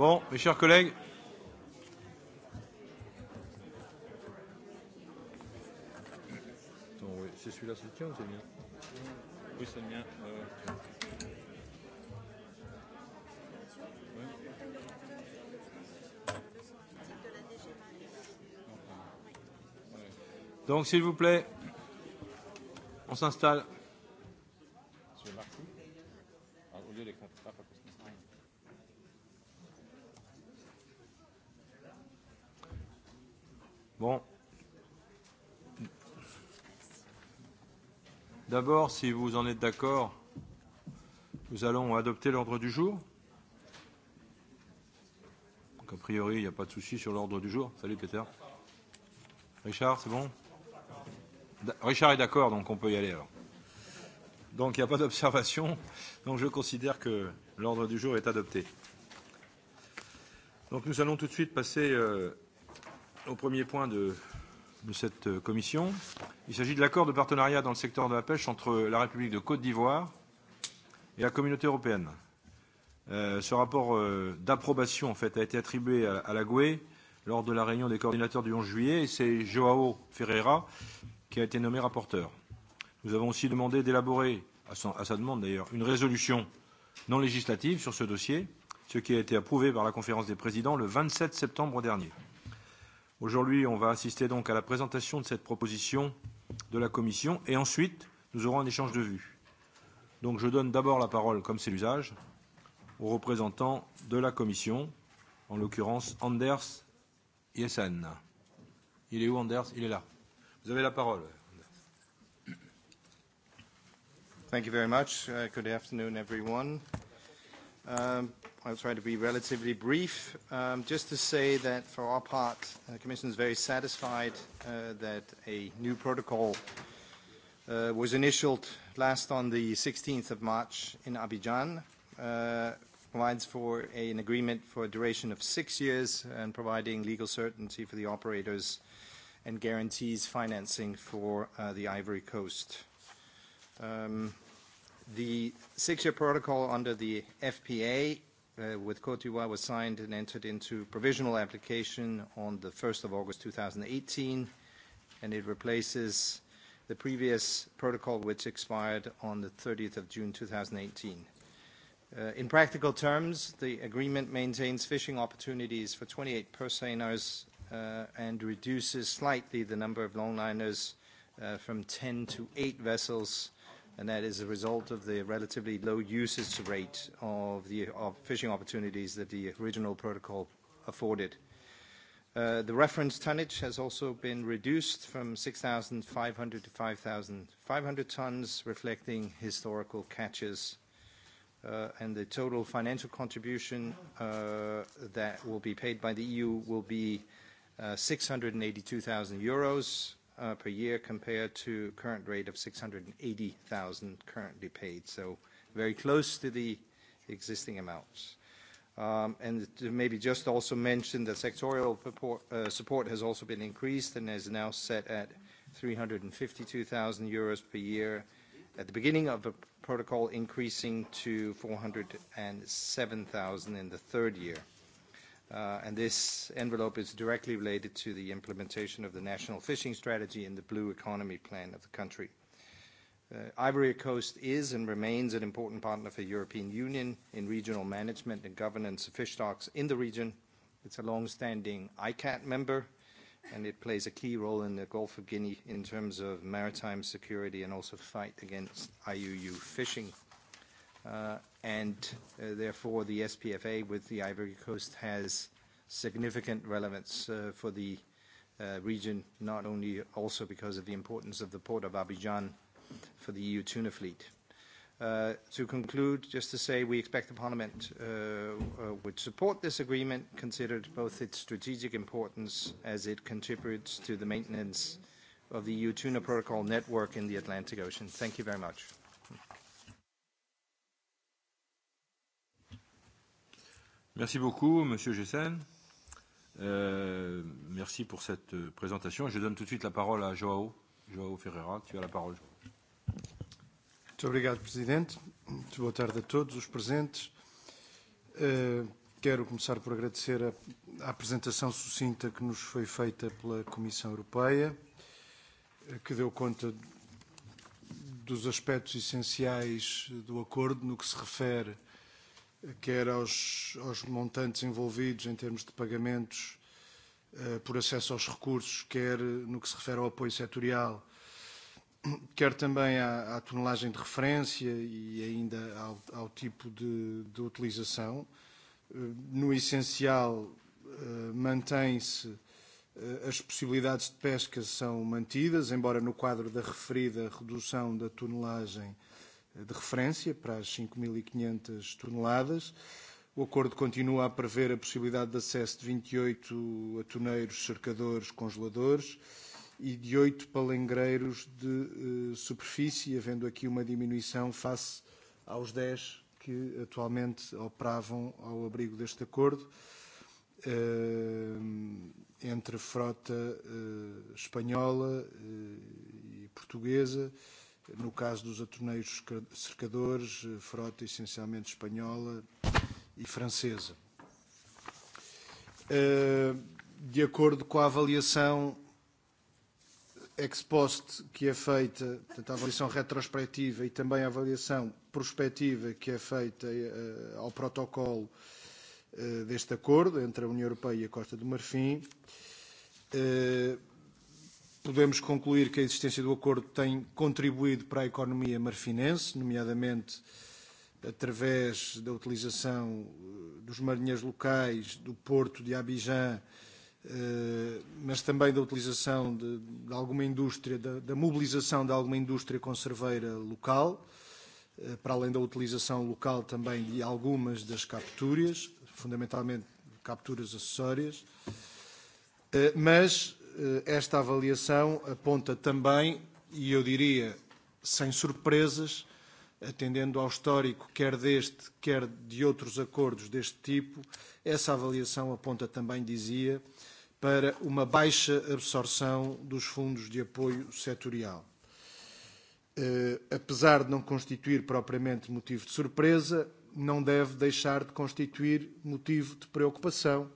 Bon, mes chers collègues. Attends, oui, c'est celui-là, c'est le tien ou c'est le mien Oui, c'est le mien. Euh... Ouais. Donc, s'il vous plaît, on s'installe. D'abord, si vous en êtes d'accord, nous allons adopter l'ordre du jour. Donc, a priori, il n'y a pas de souci sur l'ordre du jour. Salut, Peter. Richard, c'est bon Richard est d'accord, donc on peut y aller alors. Donc il n'y a pas d'observation. Donc je considère que l'ordre du jour est adopté. Donc nous allons tout de suite passer euh, au premier point de, de cette euh, commission. Il s'agit de l'accord de partenariat dans le secteur de la pêche entre la République de Côte d'Ivoire et la communauté européenne. Euh, ce rapport euh, d'approbation en fait, a été attribué à, à la GUE lors de la réunion des coordinateurs du 11 juillet et c'est Joao Ferreira qui a été nommé rapporteur. Nous avons aussi demandé d'élaborer, à, à sa demande d'ailleurs, une résolution non législative sur ce dossier, ce qui a été approuvé par la conférence des présidents le 27 septembre dernier. Aujourd'hui, on va assister donc à la présentation de cette proposition de la Commission et ensuite, nous aurons un échange de vues. Donc je donne d'abord la parole, comme c'est l'usage, aux représentants de la Commission, en l'occurrence Anders Yesen. Il est où Anders Il est là. Vous avez la parole. Thank you very much. Uh, good afternoon, everyone. Um, I'll try to be relatively brief. Um, just to say that for our part, uh, the Commission is very satisfied uh, that a new protocol uh, was initialed last on the 16th of March in Abidjan, provides for an agreement for a duration of six years and providing legal certainty for the operators and guarantees financing for the Ivory Coast. Um, the six-year protocol under the FPA Uh, with Côte d'Ivoire was signed and entered into provisional application on the 1st of August 2018, and it replaces the previous protocol, which expired on the 30th of June 2018. Uh, in practical terms, the agreement maintains fishing opportunities for 28 purse uh, and reduces slightly the number of longliners uh, from 10 to 8 vessels and that is a result of the relatively low usage rate of the of fishing opportunities that the original protocol afforded. Uh, the reference tonnage has also been reduced from 6,500 to 5,500 tons, reflecting historical catches. Uh, and the total financial contribution uh, that will be paid by the EU will be uh, 682,000 euros, uh, per year compared to current rate of 680,000 currently paid. So very close to the existing amounts. Um, and maybe just also mention that sectorial support, uh, support has also been increased and is now set at 352,000 euros per year at the beginning of the protocol, increasing to 407,000 in the third year. Uh, and this envelope is directly related to the implementation of the national fishing strategy and the blue economy plan of the country. Uh, Ivory Coast is and remains an important partner for European Union in regional management and governance of fish stocks in the region. It's a long-standing ICAT member, and it plays a key role in the Gulf of Guinea in terms of maritime security and also fight against IUU fishing. Uh, and uh, therefore the SPFA with the Ivory Coast has significant relevance uh, for the region, not only also because of the importance of the port of Abidjan for the EU tuna fleet. to conclude, just to say we expect the Parliament would support this agreement, considered both its strategic importance as it contributes to the maintenance of the EU tuna protocol network in the Atlantic Ocean. Thank you very much. Merci beaucoup, Monsieur Gessen. Euh, merci pour cette présentation. Je donne tout de suite la parole à Joao. Joao Ferreira, tu as la parole. Muito obrigado, Presidente. Muito boa tarde a todos os presentes. Uh, quero começar por agradecer a, a apresentação sucinta que nos foi feita pela Comissão Europeia, eh, que deu conta dos aspectos essenciais do acordo no que se refere quer aos, aos montantes envolvidos em termos de pagamentos eh, por acesso aos recursos, quer no que se refere ao apoio setorial, quer também à, à tonelagem de referência e ainda ao, ao tipo de, de utilização. Eh, no essencial, eh, mantém-se as possibilidades de pesca são mantidas, embora no quadro da referida redução da tonelagem uh, de referência para as 5.500 e toneladas. O acordo continua a prever a possibilidade de acesso de 28 e atuneiros, cercadores, congeladores e de 8 palengreiros de uh, superfície, havendo aqui uma diminuição face aos 10 que atualmente operavam ao abrigo deste acordo, eh, entre frota eh, espanhola e portuguesa, no caso dos atorneiros cercadores, eh, frota essencialmente espanhola e francesa. Eh, de acordo com a avaliação ex post que é feita, portanto, a avaliação retrospectiva e também a avaliação prospectiva que é feita eh, ao protocolo deste acordo entre a União Europeia e a Costa do Marfim, podemos concluir que a existência do acordo tem contribuído para a economia marfinense, nomeadamente através da utilização eh, dos marinheiros locais do porto de Abidjan, eh, mas também da utilização de, de alguma indústria, da, da mobilização de alguma indústria conserveira local, eh, para além da utilização local também de algumas das capturas, fundamentalmente capturas acessórias, mas Eh, esta avaliação aponta também, e eu diria sem surpresas, atendendo ao histórico quer deste, quer de outros acordos deste tipo, essa avaliação aponta também, dizia, para uma baixa absorção dos fundos de apoio setorial. Uh, apesar de não constituir propriamente motivo de surpresa, não deve deixar de constituir motivo de preocupação,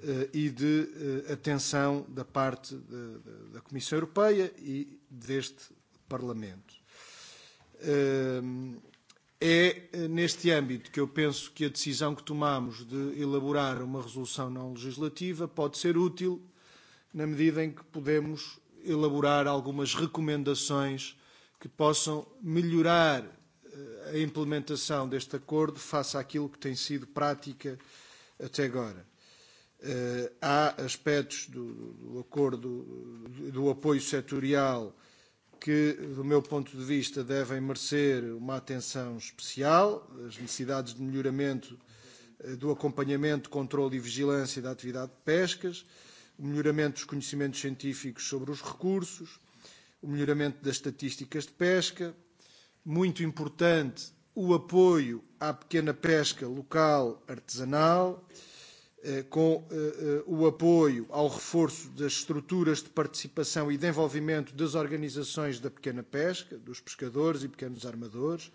Eh, e de eh, atenção da parte de, da Comissão Europeia e deste Parlamento. Eh, é neste âmbito que eu penso que a decisão que tomamos de elaborar uma resolução não legislativa pode ser útil na medida em que podemos elaborar algumas recomendações que possam melhorar a implementação deste acordo face àquilo que tem sido prática até agora. Uh, há aspectos do, do acordo, do apoio setorial, que, do meu ponto de vista, devem merecer uma atenção especial. As necessidades de melhoramento eh, do acompanhamento, controle e vigilância da atividade de pescas, o melhoramento dos conhecimentos científicos sobre os recursos, o melhoramento das estatísticas de pesca. Muito importante, o apoio à pequena pesca local artesanal. Uh, Eh, com eh, eh, o apoio ao reforço das estruturas de participação e de envolvimento das organizações da pequena pesca, dos pescadores e pequenos armadores,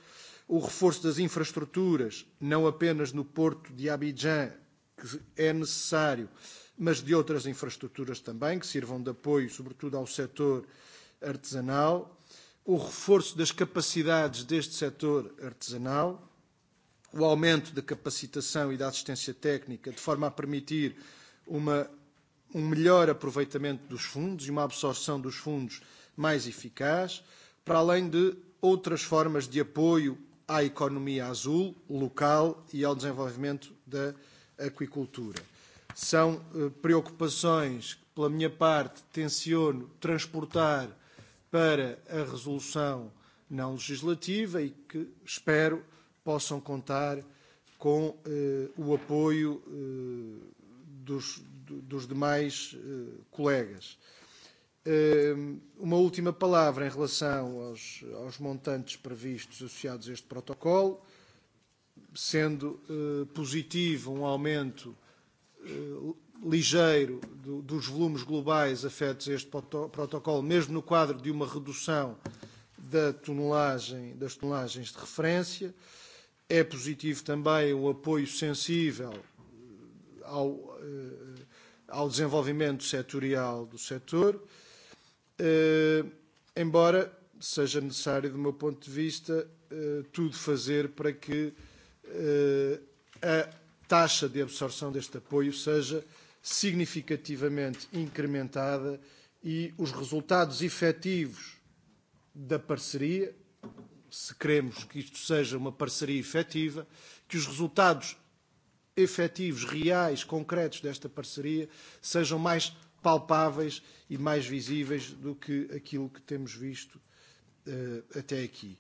o reforço das infraestruturas, não apenas no porto de Abidjan, que é necessário, mas de outras infraestruturas também, que sirvam de apoio, sobretudo, ao setor artesanal, o reforço das capacidades deste setor artesanal, o aumento da capacitação e da assistência técnica, de forma a permitir uma, um melhor aproveitamento dos fundos e uma absorção dos fundos mais eficaz, para além de outras formas de apoio à economia azul, local e ao desenvolvimento da aquicultura. São eh, preocupações que, pela minha parte, tenciono transportar para a resolução não legislativa e que espero possam contar com eh, o apoio eh, dos, dos demais eh, colegas. Eh, uma última palavra em relação aos, aos montantes previstos associados a este protocolo, sendo eh, positivo um aumento eh, ligeiro do, dos volumes globais afetos a este protocolo, mesmo no quadro de uma redução da tonelagem, das tonelagens de referência. Eh, É positivo também o apoio sensível eh, ao, eh, ao desenvolvimento setorial do setor, eh, embora seja necessário, do meu ponto de vista, tudo fazer para que a taxa de absorção deste apoio seja significativamente incrementada e os resultados efetivos da parceria, se queremos que isto seja uma parceria efetiva, que os resultados efetivos, reais, concretos desta parceria sejam mais palpáveis e mais visíveis do que aquilo que temos visto uh, até aqui.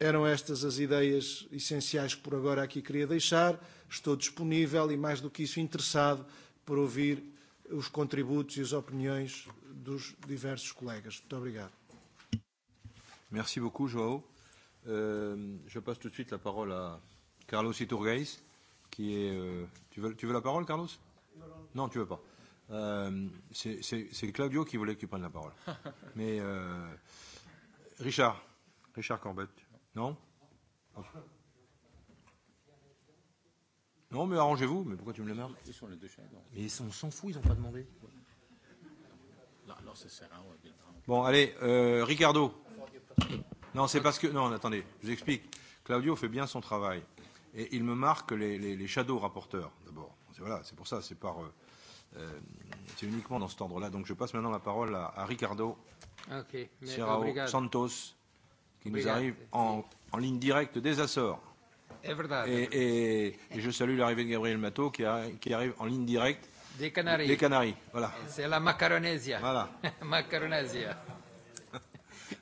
Eram estas as ideias essenciais que por agora aqui queria deixar. Estou disponível e, mais do que isso, interessado por ouvir os contributos e as opiniões dos diversos colegas. Muito obrigado. Merci beaucoup, João. Euh, je passe tout de suite la parole à Carlos Iturgais, qui est. Euh, tu, veux, tu veux la parole, Carlos Non, non. non, tu veux pas. Euh, C'est Claudio qui voulait que tu prennes la parole. Mais euh, Richard, Richard Corbett, non Non, mais arrangez-vous. Mais pourquoi tu me le marques Ils sont les deux chefs. Mais on s'en fout, ils n'ont pas demandé. Non, non, ça sert à rien. Bon, allez, euh, Ricardo. Non, c'est parce que... Non, attendez, je vous explique. Claudio fait bien son travail. Et il me marque les, les, les shadow rapporteurs, d'abord. Voilà, c'est pour ça, c'est par... Euh, euh, c'est uniquement dans cet ordre-là. Donc je passe maintenant la parole à, à Ricardo okay. Serrao Santos, qui nous arrive en, en ligne directe des Açores. É verdade. Et, et, et je salue l'arrivée de Gabriel Mato, qui, a, qui arrive en ligne directe des Canaries. Des Canaries, voilà. C'est la Macaronesia. Voilà. Macaronesia.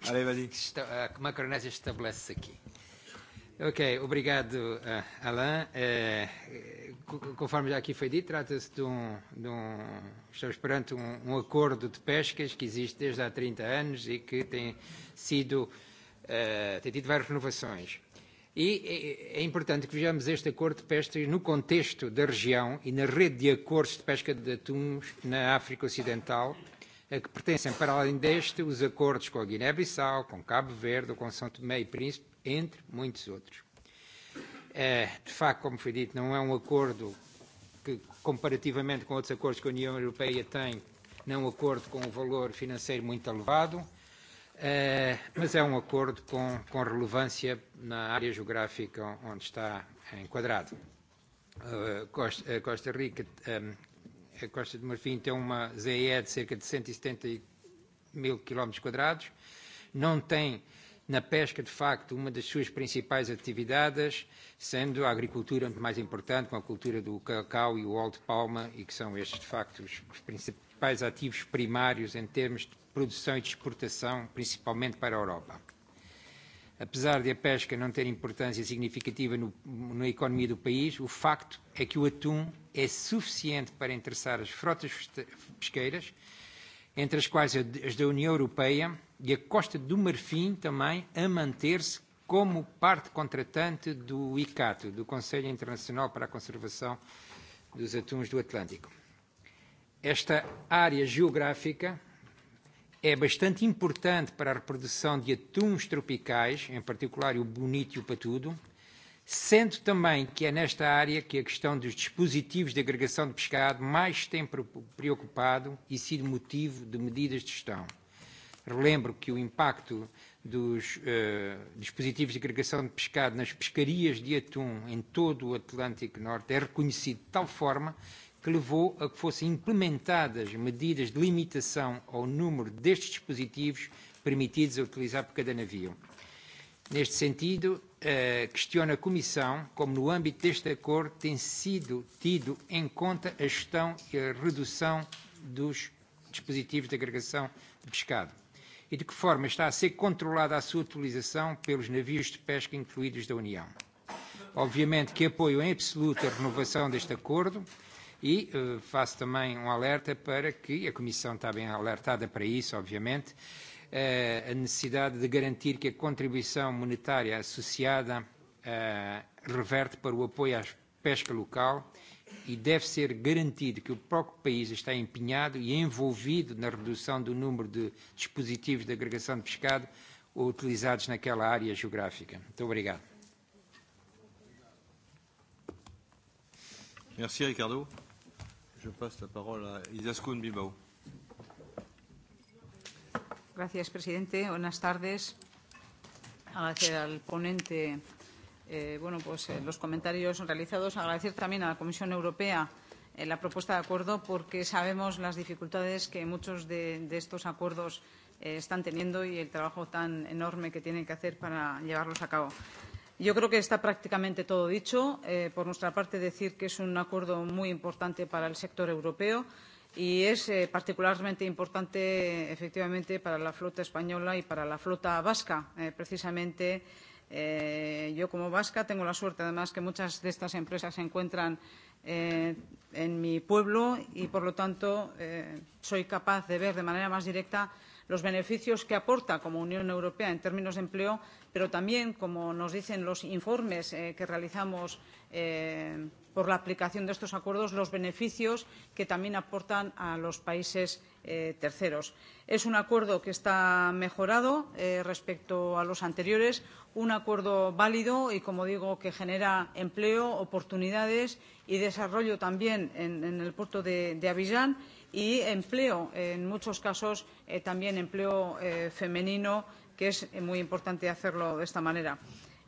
Allez, vas-y. A eh, macaronese estabelece aqui. Ok, obrigado, eh, Alain. É, eh, conforme já aqui foi dito, trata-se de um, de um. Estamos perante um, um acordo de pescas que existe desde há 30 anos e que tem sido. Uh, tem tido várias renovações. E, e, e é, importante que vejamos este acordo de pesca no contexto da região e na rede de acordos de pesca de atuns na África Ocidental, a eh, que pertencem, para além deste, os acordos com a Guiné-Bissau, com Cabo Verde, com São Tomé e Príncipe, entre muitos outros. É, eh, De facto, como foi dito, não é um acordo que, comparativamente com outros acordos que a União Europeia tem, não é um acordo com um valor financeiro muito elevado, é, eh, mas é um acordo com, com relevância na área geográfica onde está enquadrado. Uh, Costa uh, Costa Rica um, a Costa de Marfim tem uma ZE de cerca de 170 e mil quilómetros quadrados, não tem na pesca, de facto, uma das suas principais atividades, sendo a agricultura muito mais importante, com a cultura do cacau e o óleo de palma, e que são estes, de facto, os, os principais ativos primários em termos de produção e de exportação, principalmente para a Europa. Apesar de a pesca não ter importância significativa no, na economia do país, o facto é que o atum é suficiente para interessar as frotas pesqueiras, entre as quais as da União Europeia e a Costa do Marfim também, a manter-se como parte contratante do ICATO, do Conselho Internacional para a Conservação dos Atuns do Atlântico. Esta área geográfica é bastante importante para a reprodução de atuns tropicais, em particular o bonito e o patudo, sendo também que é nesta área que a questão dos dispositivos de agregação de pescado mais tem preocupado e sido motivo de medidas de gestão. Relembro que o impacto dos uh, dispositivos de agregação de pescado nas pescarias de atum em todo o Atlântico Norte é reconhecido de tal forma que levou a que fossem implementadas medidas de limitação ao número destes dispositivos permitidos a utilizar por cada navio. Neste sentido, Uh, questiona a Comissão como, no âmbito deste acordo, tem sido tido em conta a gestão e a redução dos dispositivos de agregação de pescado e de que forma está a ser controlada a sua utilização pelos navios de pesca incluídos da União. Obviamente que apoio em absoluto a renovação deste acordo e uh, faço também um alerta para que, a Comissão está bem alertada para isso, obviamente, uh, a necessidade de garantir que a contribuição monetária associada reverte para o apoio à pesca local e deve ser garantido que o próprio país está empenhado e envolvido na redução do número de dispositivos de agregação de pescado utilizados naquela área geográfica. Muito obrigado. Merci Ricardo. Je passe la parole à Isaskun Bibao. Gracias, presidente. Buenas tardes. Agradecer al ponente eh, bueno, pues, eh, los comentarios realizados. Agradecer también a la Comisión Europea eh, la propuesta de acuerdo porque sabemos las dificultades que muchos de, de estos acuerdos eh, están teniendo y el trabajo tan enorme que tienen que hacer para llevarlos a cabo. Yo creo que está prácticamente todo dicho. Eh, por nuestra parte, decir que es un acuerdo muy importante para el sector europeo y es eh, particularmente importante, efectivamente, para la flota española y para la flota vasca, eh, precisamente. Eh, yo como vasca tengo la suerte, además, que muchas de estas empresas se encuentran eh, en mi pueblo y, por lo tanto, eh, soy capaz de ver de manera más directa los beneficios que aporta como Unión Europea en términos de empleo pero también, como nos dicen los informes eh, que realizamos eh, por la aplicación de estos acuerdos, los beneficios que también aportan a los países eh, terceros. Es un acuerdo que está mejorado eh, respecto a los anteriores, un acuerdo válido y, como digo, que genera empleo, oportunidades y desarrollo también en, en el puerto de, de Avillán y empleo, en muchos casos eh, también empleo eh, femenino que es muy importante hacerlo de esta manera.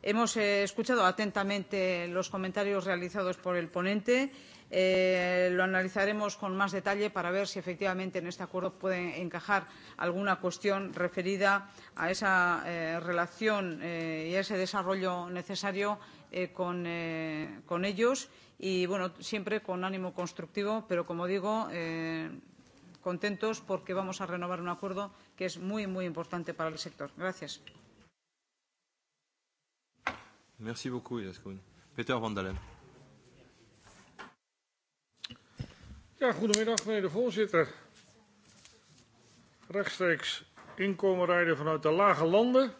Hemos eh, escuchado atentamente los comentarios realizados por el ponente. Eh, lo analizaremos con más detalle para ver si efectivamente en este acuerdo puede encajar alguna cuestión referida a esa eh, relación eh, y a ese desarrollo necesario eh, con, eh, con ellos y bueno, siempre con ánimo constructivo, pero como digo, eh, contentos porque vamos a renovar un acuerdo que es muy, muy importante para el sector. Gracias. Merci beaucoup, Ilaskoun. Peter van Dalen. Ja, goedemiddag, meneer de voorzitter. Rechtstreeks inkomen rijden vanuit de lage landen.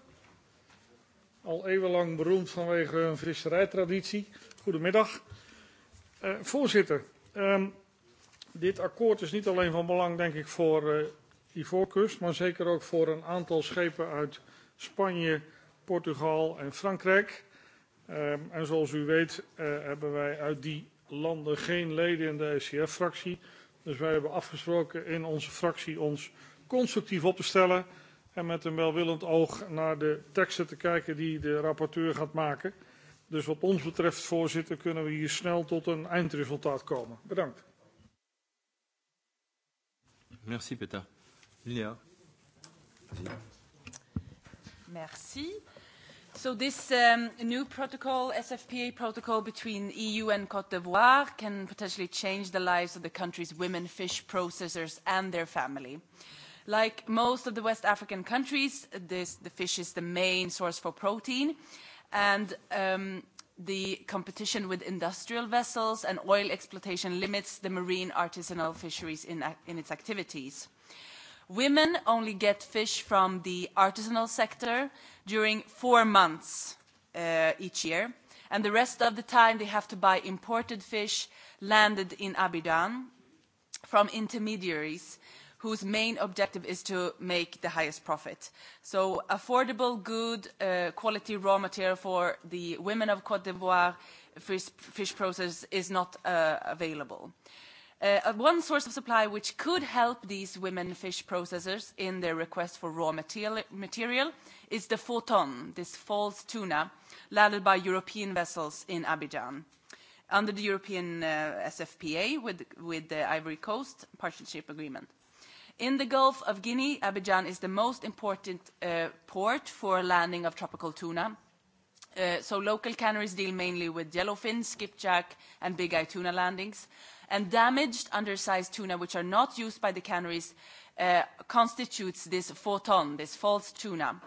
Al eeuwenlang beroemd vanwege hun visserijtraditie. Goedemiddag. Uh, voorzitter, um, Dit akkoord is niet alleen van belang, denk ik, voor uh, Ivoorkust, maar zeker ook voor een aantal schepen uit Spanje, Portugal en Frankrijk. Um, en zoals u weet uh, hebben wij uit die landen geen leden in de ECF-fractie. Dus wij hebben afgesproken in onze fractie ons constructief op te stellen en met een welwillend oog naar de teksten te kijken die de rapporteur gaat maken. Dus wat ons betreft, voorzitter, kunnen we hier snel tot een eindresultaat komen. Bedankt. Merci, Peter. Linéa. Merci. So this um, new protocol, SFPA protocol between EU and Cote d'Ivoire can potentially change the lives of the country's women fish processors and their family. Like most of the West African countries, this, the fish is the main source for protein. And um, the competition with industrial vessels and oil exploitation limits the marine artisanal fisheries in, its activities. Women only get fish from the artisanal sector during four months uh, each year, and the rest of the time they have to buy imported fish landed in Abidjan from intermediaries whose main objective is to make the highest profit. So affordable, good uh, quality raw material for the women of Cote d'Ivoire fish, fish process is not uh, available. Uh, one source of supply which could help these women fish processors in their request for raw material, material is the photon, this false tuna, landed by European vessels in Abidjan. Under the European uh, SFPA with, with the Ivory Coast Partnership Agreement. In the Gulf of Guinea, Abidjan is the most important uh, port for landing of tropical tuna. Uh, so local canneries deal mainly with yellowfin, skipjack, and big eye tuna landings. And damaged, undersized tuna, which are not used by the canneries, uh, constitutes this photon, this false tuna.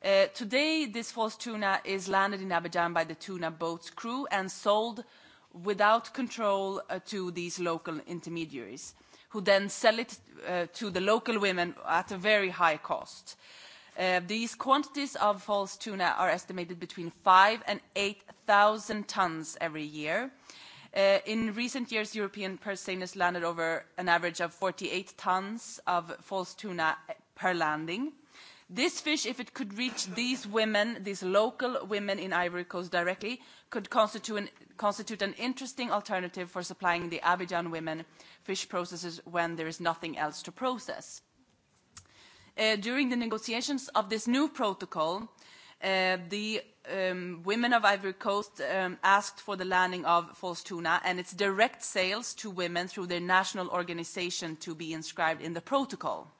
Uh, today, this false tuna is landed in Abidjan by the tuna boat's crew and sold without control uh, to these local intermediaries who then sell it uh, to the local women at a very high cost. Uh, these quantities of false tuna are estimated between 5 and 8,000 tons every year. Uh, in recent years, European purseines landed over an average of 48 tons of false tuna per landing. This fish, if it could reach these women, these local women in Ivory Coast directly, could constitute an, constitute an interesting alternative for supplying the Abidjan women fish processes when there is nothing else to process. Uh, during the negotiations of this new protocol, uh, the um, women of Ivory Coast um, asked for the landing of false tuna and its direct sales to women through their national organization to be inscribed in the protocol.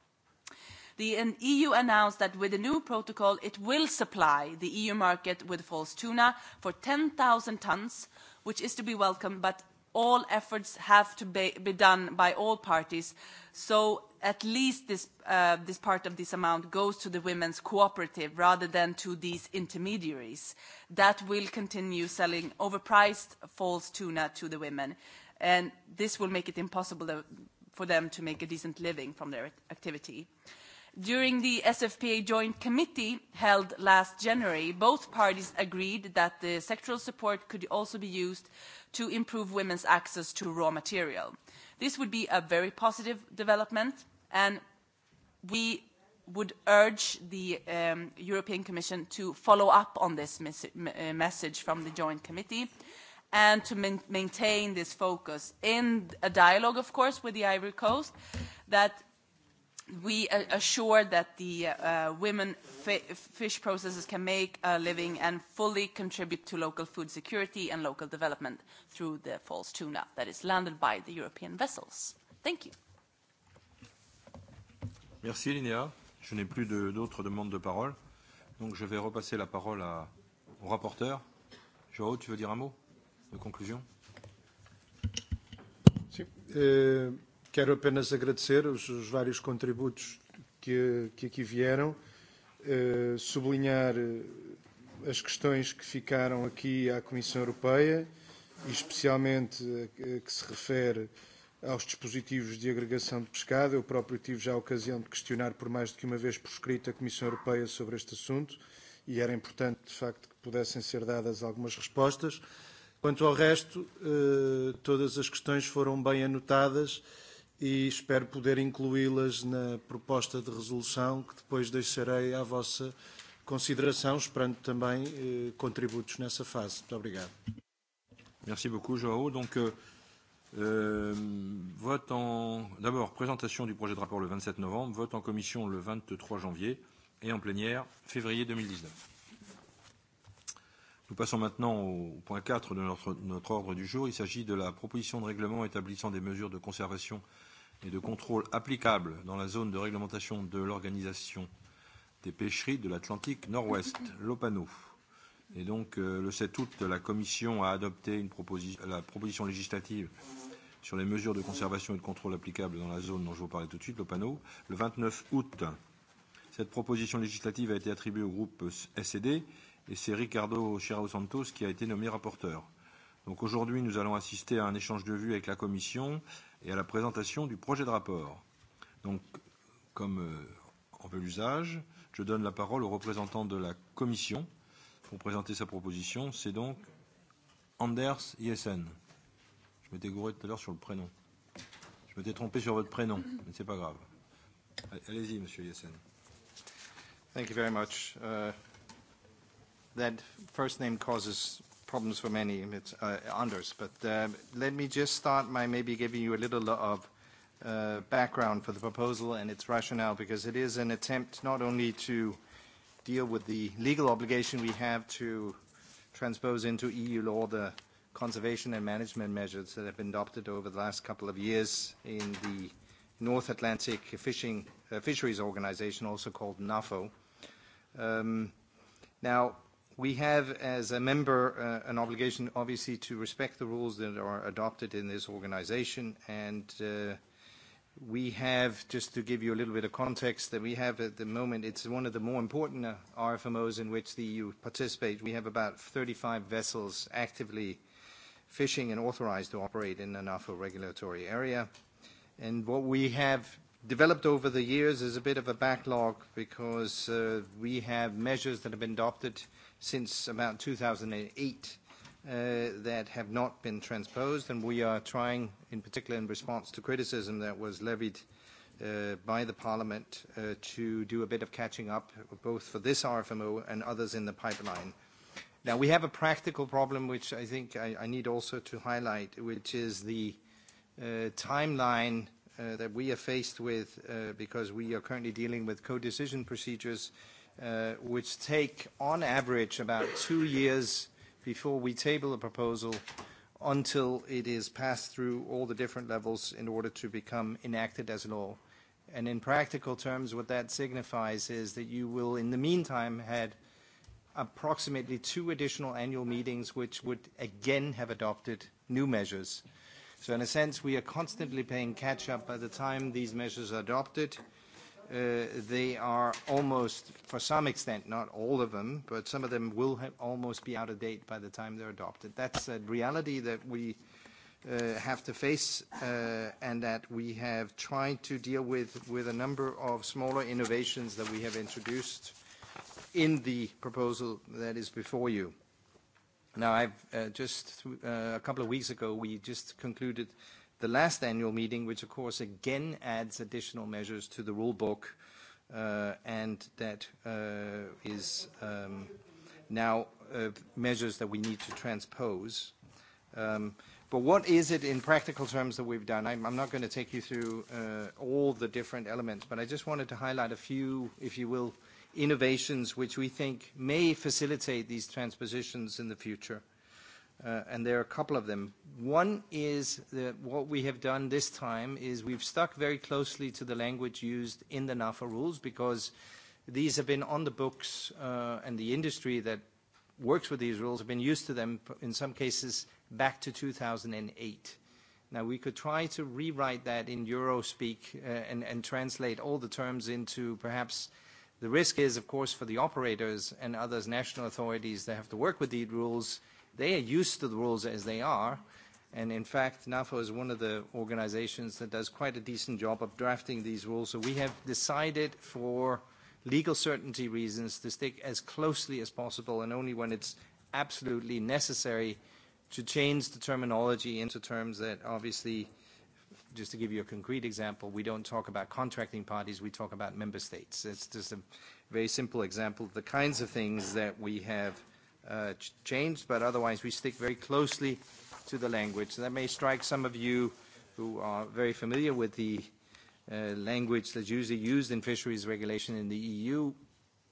The EU announced that with the new protocol, it will supply the EU market with false tuna for 10,000 tons, which is to be welcomed, but all efforts have to be, be done by all parties. So at least this, uh, this part of this amount goes to the women's cooperative rather than to these intermediaries that will continue selling overpriced false tuna to the women. And this will make it impossible uh, for them to make a decent living from their activity. Uh, During the SFPA Joint Committee held last January, both parties agreed that the sectoral support could also be used to improve women's access to raw material. This would be a very positive development, and we would urge the um, European Commission to follow up on this uh, message from the Joint Committee and to maintain this focus in a dialogue, of course, with the Ivory Coast, that we assure that the uh, women fi fish processors can make a living and fully contribute to local food security and local development through the false tuna that is landed by the European vessels. Thank you. Merci Linéa. Je n'ai plus d'autres de, demandes de parole. Donc je vais repasser la parole à, au rapporteur. Joao, tu veux dire un mot de conclusion? si. euh Quero apenas agradecer os, os vários contributos que, que aqui vieram, eh, sublinhar eh, as questões que ficaram aqui à Comissão Europeia, e especialmente a, a que se refere aos dispositivos de agregação de pescado. Eu próprio tive já a ocasião de questionar por mais do que uma vez por escrito a Comissão Europeia sobre este assunto e era importante, de facto, que pudessem ser dadas algumas respostas. Quanto ao resto, eh, todas as questões foram bem anotadas e espero poder incluí-las na proposta de resolução que depois deixarei à vossa consideração, esperando também eh, contributos nessa fase. Muito obrigado. Merci beaucoup, João. Donc, euh, euh vote en. D'abord, présentation du projet de rapport le 27 novembre, vote en commission le 23 janvier et en plénière février 2019. Nous passons maintenant au point 4 de notre, notre ordre du jour. Il s'agit de la proposition de règlement établissant des mesures de conservation et de contrôle applicables dans la zone de réglementation de l'Organisation des pêcheries de l'Atlantique Nord-Ouest, l'OPANO. Et donc, euh, le 7 août, la Commission a adopté une proposi la proposition législative sur les mesures de conservation et de contrôle applicables dans la zone dont je vous parlais tout de suite, l'OPANO. Le 29 août, cette proposition législative a été attribuée au groupe SED et c'est Ricardo Cherao Santos qui a été nommé rapporteur. Donc aujourd'hui, nous allons assister à un échange de vues avec la Commission et à la présentation du projet de rapport. Donc, comme euh, en veut l'usage, je donne la parole au représentant de la Commission pour présenter sa proposition. C'est donc Anders Yesen. Je m'étais gouré tout à l'heure sur le prénom. Je m'étais trompé sur votre prénom, mais ce n'est pas grave. Allez-y, Monsieur Yesen. Thank you very much. Uh, that first name causes problems for many. It's uh, Anders. But uh, let me just start by maybe giving you a little of uh, background for the proposal and its rationale, because it is an attempt not only to deal with the legal obligation we have to transpose into EU law the conservation and management measures that have been adopted over the last couple of years in the North Atlantic Fishing, uh, Fisheries Organization, also called NAFO. Um, now, We have, as a member, uh, an obligation, obviously, to respect the rules that are adopted in this organization. And uh, we have, just to give you a little bit of context, that we have at the moment, it's one of the more important uh, RFMOs in which the EU participates. We have about 35 vessels actively fishing and authorized to operate in the NAFO regulatory area. And what we have developed over the years is a bit of a backlog because uh, we have measures that have been adopted since about 2008 uh, that have not been transposed, and we are trying, in particular in response to criticism that was levied uh, by the Parliament, uh, to do a bit of catching up, both for this RFMO and others in the pipeline. Now, we have a practical problem, which I think I, I need also to highlight, which is the uh, timeline uh, that we are faced with uh, because we are currently dealing with co-decision procedures uh, Uh, which take on average about two years before we table a proposal until it is passed through all the different levels in order to become enacted as law. And in practical terms, what that signifies is that you will, in the meantime, had approximately two additional annual meetings, which would again have adopted new measures. So in a sense, we are constantly paying catch up by the time these measures are adopted. Uh, they are almost, for some extent, not all of them, but some of them will have almost be out of date by the time they're adopted. That's a reality that we uh, have to face uh, and that we have tried to deal with with a number of smaller innovations that we have introduced in the proposal that is before you. Now, I've uh, just uh, a couple of weeks ago, we just concluded the last annual meeting, which of course again adds additional measures to the rule book, uh, and that uh, is um, now uh, measures that we need to transpose. Um, what is it in practical terms that we've done? I'm, not gonna take you through all the different elements, but I just wanted to highlight a few, if you will, innovations which we think may facilitate these transpositions in the future uh, and there are a couple of them. One is that what we have done this time is we've stuck very closely to the language used in the NAFA rules because these have been on the books uh, and the industry that works with these rules have been used to them in some cases back to 2008. Now we could try to rewrite that in Eurospeak uh, and, and translate all the terms into perhaps the risk is, of course, for the operators and others, national authorities that have to work with these rules – They are used to the rules as they are. And in fact, NAFO is one of the organizations that does quite a decent job of drafting these rules. So we have decided for legal certainty reasons to stick as closely as possible and only when it's absolutely necessary to change the terminology into terms that obviously, just to give you a concrete example, we don't talk about contracting parties, we talk about member states. It's just a very simple example of the kinds of things that we have – Uh, changed, but otherwise we stick very closely to the language. And that may strike some of you who are very familiar with the uh, language that's usually used in fisheries regulation in the EU,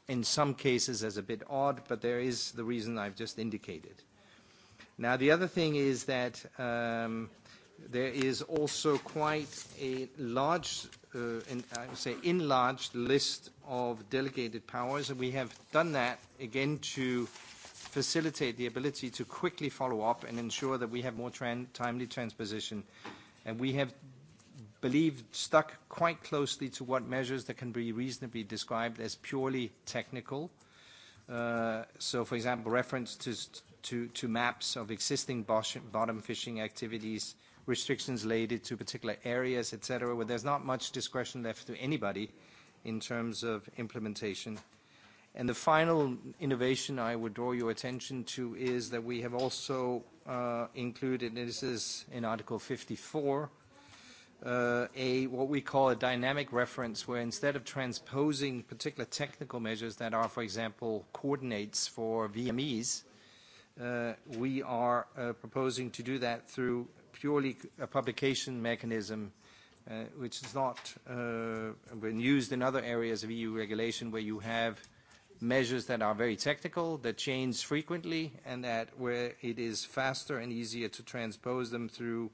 in some cases as a bit odd, but there is the reason I've just indicated. Now, the other thing is that um, there is also quite a large, uh, in, I would say, enlarged list of delegated powers, and we have done that again to facilitate the ability to quickly follow up and ensure that we have more timely transposition. And we have believe stuck quite closely to what measures that can be reasonably described as purely technical. Uh, so, for example, reference to, to, maps of existing bottom fishing activities, restrictions related to particular areas, etc., where there's not much discretion left to anybody in terms of implementation the final innovation I would draw your attention to is that we have also uh, included, and this is in Article 54, uh, what we call a dynamic reference, where instead of transposing particular technical measures that are, for example, coordinates for VMEs, uh, we are proposing to do that through purely a publication mechanism which has not been used in other areas of EU regulation where you have measures that are very technical, that change frequently, and that where it is faster and easier to transpose them through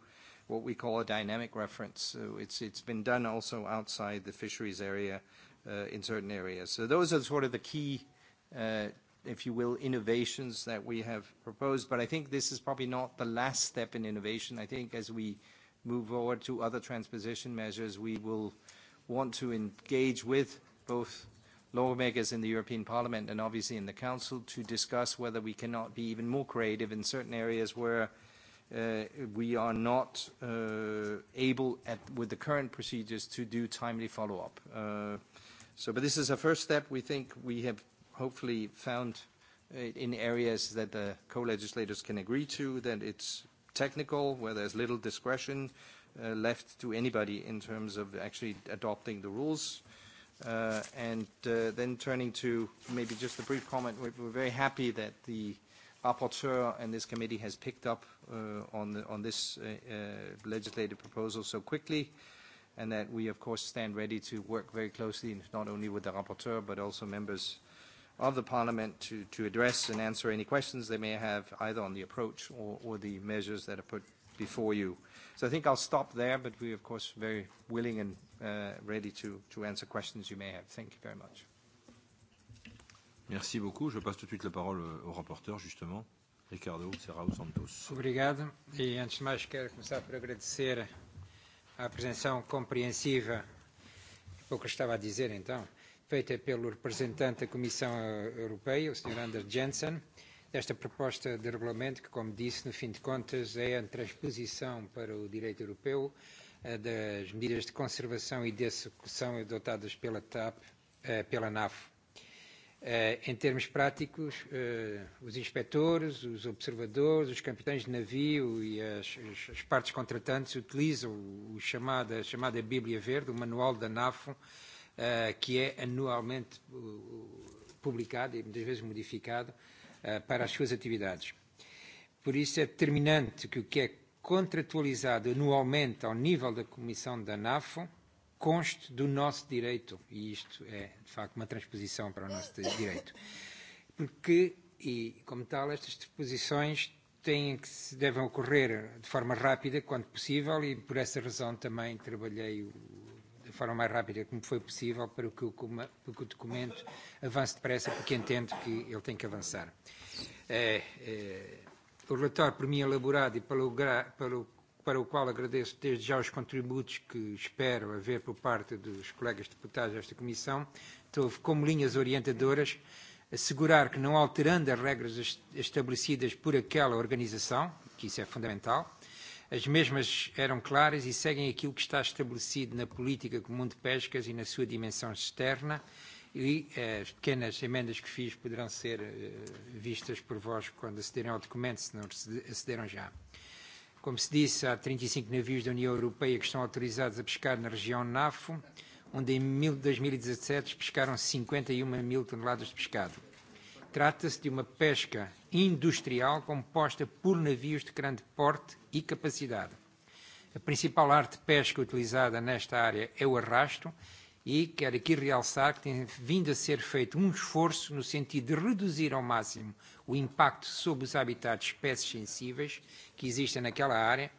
what we call a dynamic reference. So it's, it's been done also outside the fisheries area uh, in certain areas. So those are sort of the key, uh, if you will, innovations that we have proposed. But I think this is probably not the last step in innovation. I think as we move forward to other transposition measures, we will want to engage with both lawmakers in the European Parliament and obviously in the Council to discuss whether we cannot be even more creative in certain areas where uh, we are not uh, able, at, with the current procedures, to do timely follow-up. Uh, so, but this is a first step. We think we have hopefully found it uh, in areas that the co-legislators can agree to, that it's technical, where there's little discretion uh, left to anybody in terms of actually adopting the rules Uh, and uh, then turning to maybe just a brief comment, we're, we're very happy that the rapporteur and this committee has picked up uh, on, the, on this uh, uh, legislative proposal so quickly, and that we, of course, stand ready to work very closely, not only with the rapporteur, but also members of the parliament to, to address and answer any questions they may have, either on the approach or, or the measures that are put before you. So I think I'll stop there, but we of course, very willing and Uh, ready to, answer questions you may have. Thank you very much. Merci beaucoup. Je passe tout de suite la parole euh, au rapporteur, justement, Ricardo Serrao Santos. Obrigado. E antes de mais, quero começar por agradecer a apresentação compreensiva, pouco estava a dizer então, feita pelo representante da Comissão Europeia, o Sr. Anders Jensen, desta proposta de regulamento que, como disse, no fim de contas, é a transposição para o direito europeu Eh, das medidas de conservação e de execução adotadas pela TAP, eh, pela NAF. Eh, em termos práticos, os inspectores, os observadores, os capitães de navio e as, as partes contratantes utilizam o chamado, a chamada Bíblia Verde, o manual da NAF, que é anualmente publicado e muitas vezes modificado para as suas atividades. Por isso é determinante que o que é contratualizada no aumento ao nível da Comissão da NAFO conste do nosso direito. E isto é, de facto, uma transposição para o nosso direito. Porque, e como tal, estas transposições têm que se devem ocorrer de forma rápida, quanto possível, e por essa razão também trabalhei o, de forma mais rápida como foi possível para que o, para que o documento avance depressa, porque entendo que ele tem que avançar. É, é, o relatório por mim elaborado e pelo, pelo, para o qual agradeço desde já os contributos que espero haver por parte dos colegas deputados desta Comissão, teve como linhas orientadoras assegurar que não alterando as regras estabelecidas por aquela organização, que isso é fundamental, as mesmas eram claras e seguem aquilo que está estabelecido na política comum de pescas e na sua dimensão externa, e as pequenas emendas que fiz poderão ser eh, vistas por vós quando acederem ao documento, se não acederam já. Como se disse, há 35 e navios da União Europeia que estão autorizados a pescar na região NAFO, onde em 2017 e pescaram 51 e mil toneladas de pescado. Trata-se de uma pesca industrial composta por navios de grande porte e capacidade. A principal arte de pesca utilizada nesta área é o arrasto, e quero aqui realçar que tem vindo a ser feito um esforço no sentido de reduzir ao máximo o impacto sobre os habitats de espécies sensíveis que existem naquela área,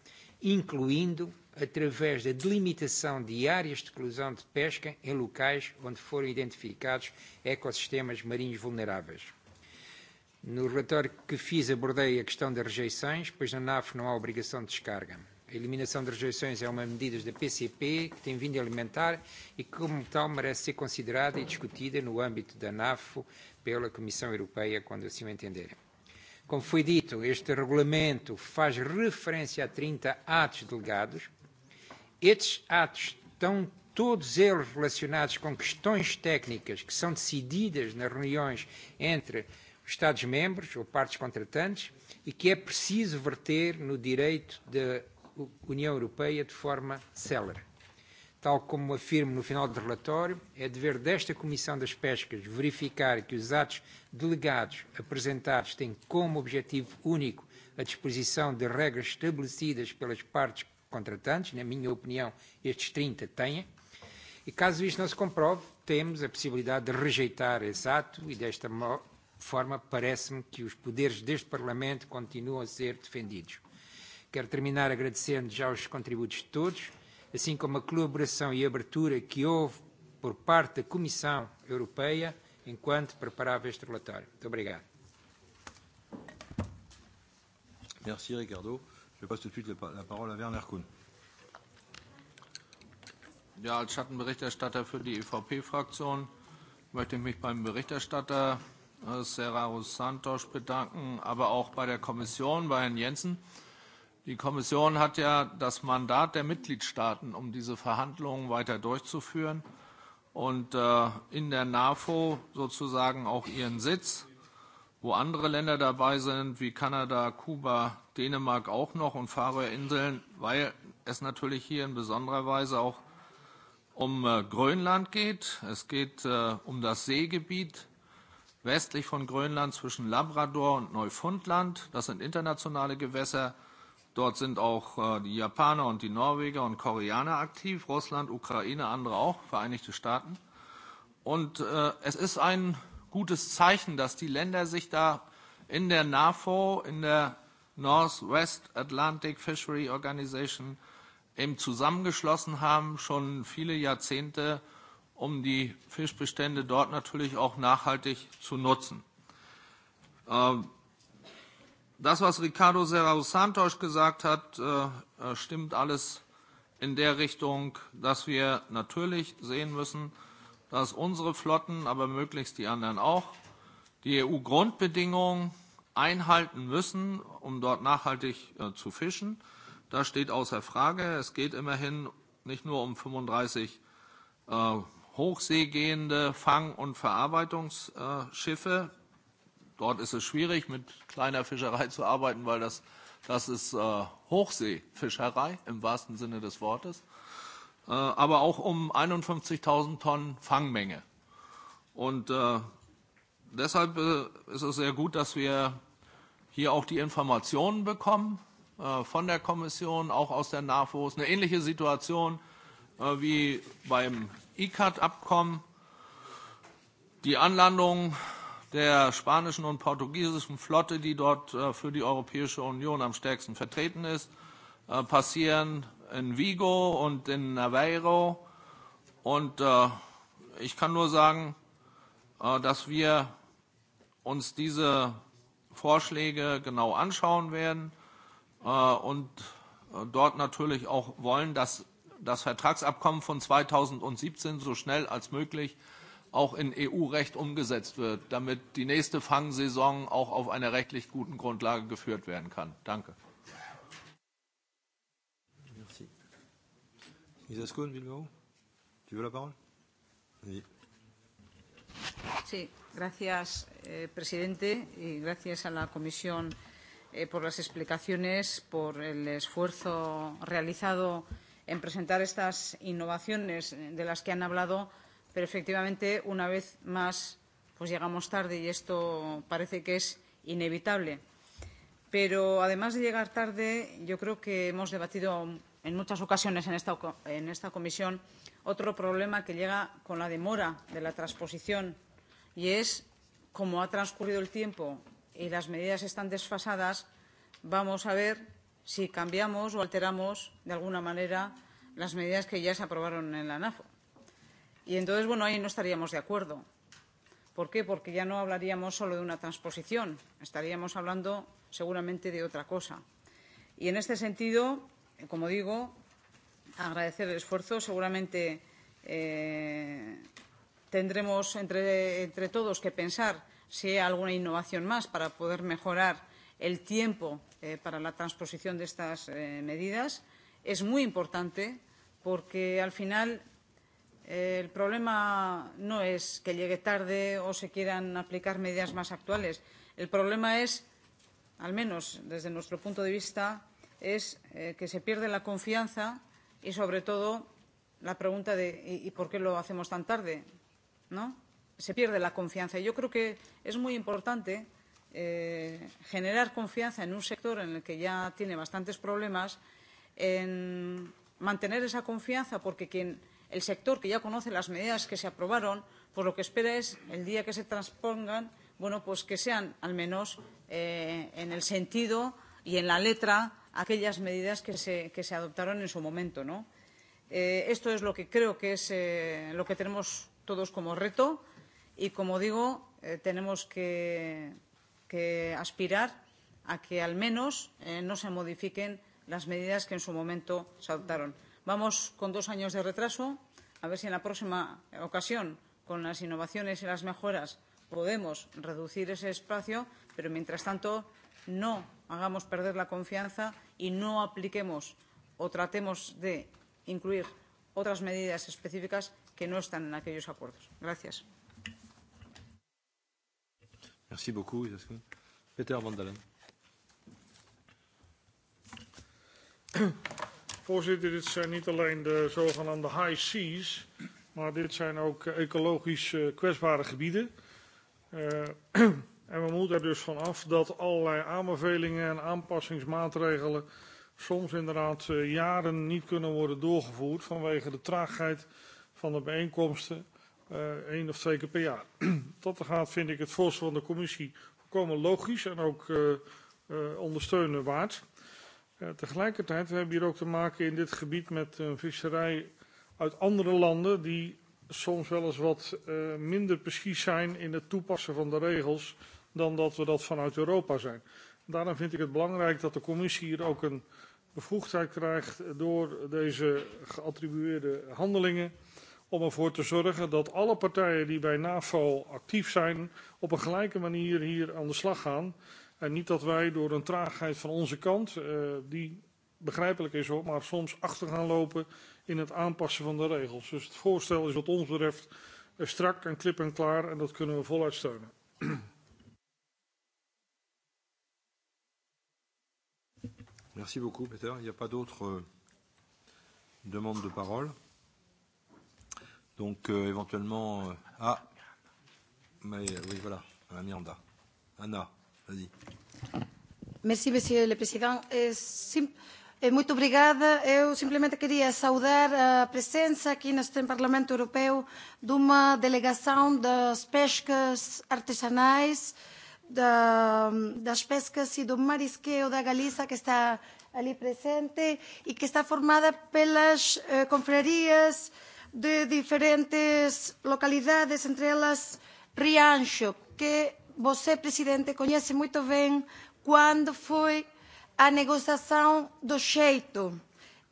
incluindo através da delimitação de áreas de exclusão de pesca em locais onde foram identificados ecossistemas marinhos vulneráveis. No relatório que fiz abordei a questão das rejeições, pois na NAF não há obrigação de descarga eliminação das rejeições é uma medida da PCP que tem vindo a alimentar e que, como tal, merece ser considerada e discutida no âmbito da NAFO pela Comissão Europeia, quando assim o entenderem. Como foi dito, este regulamento faz referência a 30 atos delegados. Estes atos estão todos eles relacionados com questões técnicas que são decididas nas reuniões entre Estados-membros ou partes contratantes e que é preciso verter no direito de União Europeia de forma célere. Tal como afirmo no final do relatório, é dever desta Comissão das Pescas verificar que os atos delegados apresentados têm como objetivo único a disposição de regras estabelecidas pelas partes contratantes, na minha opinião, estes 30 têm, e caso isto não se comprove, temos a possibilidade de rejeitar esse ato e desta forma parece-me que os poderes deste Parlamento continuam a ser defendidos. Quero terminar agradecendo já os contributos de todos, assim como a colaboração e abertura que houve por parte da Comissão Europeia enquanto preparava este relatório. Muito obrigado. Merci Ricardo. Je passe tout de suite la parole à Werner Kuhn. Ja, als Schattenberichterstatter für die EVP-Fraktion möchte ich mich beim Berichterstatter äh, Serraro Santos bedanken, aber auch bei der Kommission, bei Herrn Jensen. Die Kommission hat ja das Mandat der Mitgliedstaaten, um diese Verhandlungen weiter durchzuführen und äh, in der NAFO sozusagen auch ihren Sitz, wo andere Länder dabei sind, wie Kanada, Kuba, Dänemark auch noch und Faroe-Inseln, weil es natürlich hier in besonderer Weise auch um äh, Grönland geht. Es geht äh, um das Seegebiet westlich von Grönland zwischen Labrador und Neufundland. Das sind internationale Gewässer. Dort sind auch äh, die Japaner und die Norweger und Koreaner aktiv, Russland, Ukraine, andere auch, Vereinigte Staaten. Und äh, es ist ein gutes Zeichen, dass die Länder sich da in der NAFO, in der Northwest Atlantic Fishery Organization, eben zusammengeschlossen haben, schon viele Jahrzehnte, um die Fischbestände dort natürlich auch nachhaltig zu nutzen. Ähm, Das, was Ricardo Serrao Santos gesagt hat, äh, äh, stimmt alles in der Richtung, dass wir natürlich sehen müssen, dass unsere Flotten, aber möglichst die anderen auch, die EU-Grundbedingungen einhalten müssen, um dort nachhaltig äh, zu fischen. Das steht außer Frage. Es geht immerhin nicht nur um 35 hochseegehende Fang- und Verarbeitungsschiffe, Dort ist es schwierig, mit kleiner Fischerei zu arbeiten, weil das, das ist äh, Hochseefischerei im wahrsten Sinne des Wortes, äh, aber auch um 51.000 Tonnen Fangmenge. Und äh, deshalb äh, ist es sehr gut, dass wir hier auch die Informationen bekommen äh, von der Kommission, auch aus der NAFO. Es ist eine ähnliche Situation äh, wie beim ICAT-Abkommen. Die Anlandungen der spanischen und portugiesischen Flotte, die dort äh, für die Europäische Union am stärksten vertreten ist, äh, passieren in Vigo und in Naveiro. Und äh, ich kann nur sagen, dass wir uns diese Vorschläge genau anschauen werden und dort natürlich auch wollen, dass das Vertragsabkommen von 2017 so schnell als möglich auch in EU-Recht umgesetzt wird, damit die nächste Fangsaison auch auf einer rechtlich guten Grundlage geführt werden kann. Danke. gracias, eh, presidente, y gracias a la Comisión eh, por las explicaciones, por el esfuerzo realizado en presentar estas innovaciones de las que han hablado pero efectivamente una vez más pues llegamos tarde y esto parece que es inevitable. Pero además de llegar tarde, yo creo que hemos debatido en muchas ocasiones en esta, en esta comisión otro problema que llega con la demora de la transposición y es como ha transcurrido el tiempo y las medidas están desfasadas, vamos a ver si cambiamos o alteramos de alguna manera las medidas que ya se aprobaron en la NAFO. Y entonces, bueno, ahí no estaríamos de acuerdo. ¿Por qué? Porque ya no hablaríamos solo de una transposición, estaríamos hablando seguramente de otra cosa. Y en este sentido, eh, como digo, agradecer el esfuerzo. Seguramente eh, tendremos entre, entre todos que pensar si hay alguna innovación más para poder mejorar el tiempo eh, para la transposición de estas eh, medidas. Es muy importante porque al final el problema no es que llegue tarde o se quieran aplicar medidas más actuales. El problema es, al menos desde nuestro punto de vista, es eh, que se pierde la confianza y, sobre todo, la pregunta de ¿y, y por qué lo hacemos tan tarde? ¿No? Se pierde la confianza. Yo creo que es muy importante eh, generar confianza en un sector en el que ya tiene bastantes problemas, en mantener esa confianza porque quien el sector, que ya conoce las medidas que se aprobaron, pues lo que espera es el día que se transpongan, bueno, pues que sean al menos eh, en el sentido y en la letra aquellas medidas que se, que se adoptaron en su momento, ¿no? Eh, esto es lo que creo que es eh, lo que tenemos todos como reto y, como digo, eh, tenemos que, que aspirar a que al menos eh, no se modifiquen las medidas que en su momento se adoptaron. Vamos con dos años de retraso. A ver si en la próxima ocasión, con las innovaciones y las mejoras, podemos reducir ese espacio, pero mientras tanto no hagamos perder la confianza y no apliquemos o tratemos de incluir otras medidas específicas que no están en aquellos acuerdos. Gracias. Merci beaucoup, Yaskun. Peter Vandalen. Voorzitter, dit zijn niet alleen de zogenaamde high seas, maar dit zijn ook ecologisch eh, kwetsbare gebieden. Uh, en we moeten er dus vanaf dat allerlei aanbevelingen en aanpassingsmaatregelen soms inderdaad eh, jaren niet kunnen worden doorgevoerd vanwege de traagheid van de bijeenkomsten uh, één of twee keer per jaar. Tot gaat vind ik het voorstel van de commissie volkomen logisch en ook uh, uh, ondersteunen waard. Uh, tegelijkertijd, we hebben hier ook te maken in dit gebied met een visserij uit andere landen die soms wel eens wat uh, minder precies zijn in het toepassen van de regels dan dat we dat vanuit Europa zijn. Daarom vind ik het belangrijk dat de commissie hier ook een bevoegdheid krijgt door deze geattribueerde handelingen om ervoor te zorgen dat alle partijen die bij NAVO actief zijn op een gelijke manier hier aan de slag gaan En niet dat wij door een traagheid van onze kant, uh, die begrijpelijk is hoor, maar soms achter gaan lopen in het aanpassen van de regels. Dus het voorstel is wat ons betreft uh, strak en klip en klaar en dat kunnen we voluit steunen. Merci beaucoup Peter. Il n'y a pas d'autres euh, demandes de parole. Donc euh, éventuellement... Euh, ah, mais euh, oui voilà, Miranda. Anna. Vas-y. Merci, Monsieur le Président. Eh, eh, muito obrigada. Eu simplesmente queria saudar a presença aqui neste Parlamento Europeu de uma delegação das pescas artesanais, da, das pescas e do marisqueo da Galiza, que está ali presente e que está formada pelas eh, confrarias de diferentes localidades, entre elas Riancho, que Você, presidente, conhece muito bem quando foi a negociação do jeito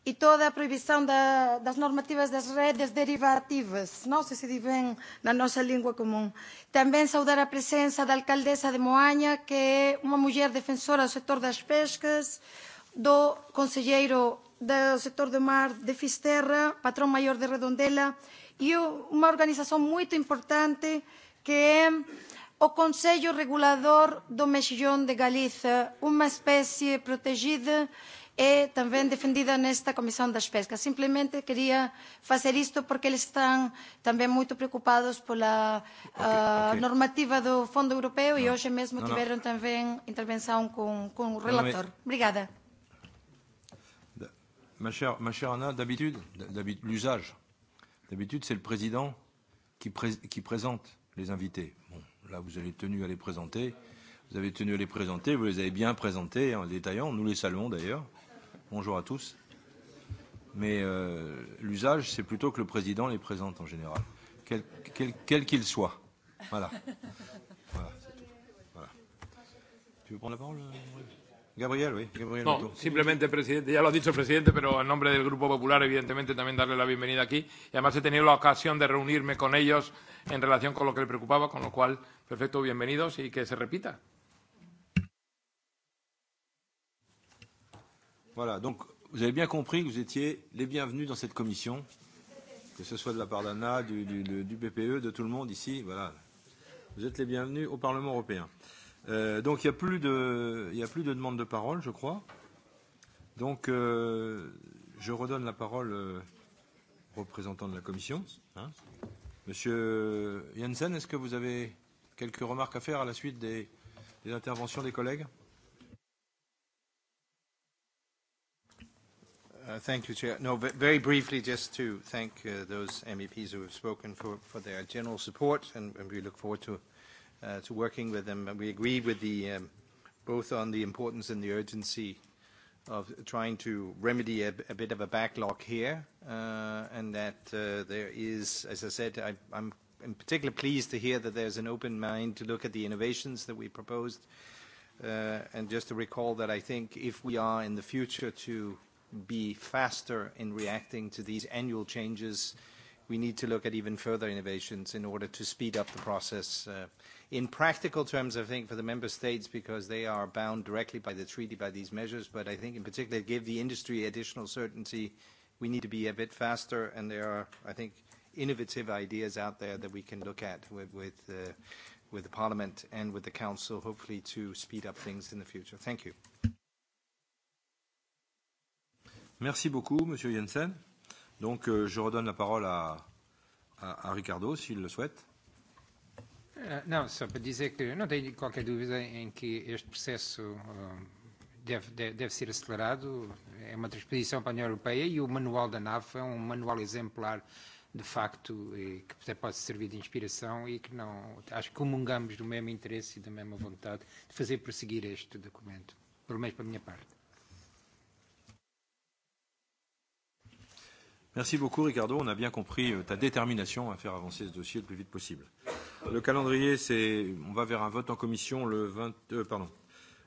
e toda a proibição da, das normativas das redes derivativas. Não sei se diz bem na nossa língua comum. Também saudar a presença da alcaldesa de Moanha, que é uma mulher defensora do setor das pescas, do conselheiro do setor do mar de Fisterra, patrão maior de Redondela, e uma organização muito importante que é O Consello Regulador do Mexillón de Galiza, unha especie protegida e tamén defendida nesta Comisión das Pescas. Simplemente quería facer isto porque eles están tamén moito preocupados pola okay, okay. Ah, normativa do Fondo Europeo e no. e hoxe mesmo no, tiveron no. tamén intervención con, con o relator. No, me... Obrigada. Ma chère, ma chère Anna, d'habitude, l'usage, d'habitude c'est le président qui, pré qui présente les invités. Bon, Là, vous avez tenu à les présenter. Vous avez tenu à les présenter. Vous les avez bien présentés en détaillant. Nous les saluons d'ailleurs. Bonjour à tous. Mais euh, l'usage, c'est plutôt que le président les présente en général, quel qu'il quel, quel qu soit. Voilà. voilà, tout. voilà. Tu veux prendre la parole oui. Euh, Gabriel, eh, oui. no, simplemente, presidente, ya lo ha dicho el presidente, pero en nombre del Grupo Popular, evidentemente, también darle la bienvenida aquí. Y además he tenido la ocasión de reunirme con ellos en relación con lo que le preocupaba, con lo cual, perfecto, bienvenidos y que se repita. Voilà, donc vous avez bien compris que vous étiez les bienvenus dans cette commission, que ce soit de la part d'Anna, du, du, du BPE, de tout le monde ici. Voilà, vous êtes les bienvenus au Parlement européen. Euh, Euh, donc il n'y a, a plus de demande de parole, je crois. Donc euh, je redonne la parole euh, représentant de la commission. Hein. Monsieur Jensen, est-ce que vous avez quelques remarques à faire à la suite des, des interventions des collègues Uh, thank you, Chair. No, very briefly, just to thank uh, those MEPs who have spoken for, for their general support, and, and we look forward to uh, to working with them. And we agree with the, um, both on the importance and the urgency of trying to remedy a, a bit of a backlog here, uh, and that uh, there is, as I said, I, I'm in particular pleased to hear that there's an open mind to look at the innovations that we proposed. Uh, and just to recall that I think if we are in the future to be faster in reacting to these annual changes, uh, we need to look at even further innovations in order to speed up the process. Uh, in practical terms, I think, for the member states, because they are bound directly by the treaty by these measures, but I think in particular give the industry additional certainty, we need to be a bit faster, and there are, I think, innovative ideas out there that we can look at with, with, uh, with the Parliament and with the Council, hopefully to speed up things in the future. Thank you. Merci beaucoup, Monsieur Jensen. Donc euh, je redonne la parole à, à, à Ricardo s'il le souhaite. Uh, Não, só para dizer que não tenho qualquer dúvida em que este processo eh, deve, deve, deve ser acelerado. É uma transposição para a União Europeia e o manual da NAV é um manual exemplar, de facto, e que até pode servir de inspiração e que não. Acho que comungamos do mesmo interesse e da mesma vontade de fazer prosseguir este documento, pelo menos para a minha parte. Merci beaucoup Ricardo, on a bien compris euh, ta détermination à faire avancer ce dossier le plus vite possible. Le calendrier, c'est on va vers un vote en commission le 20 euh, pardon.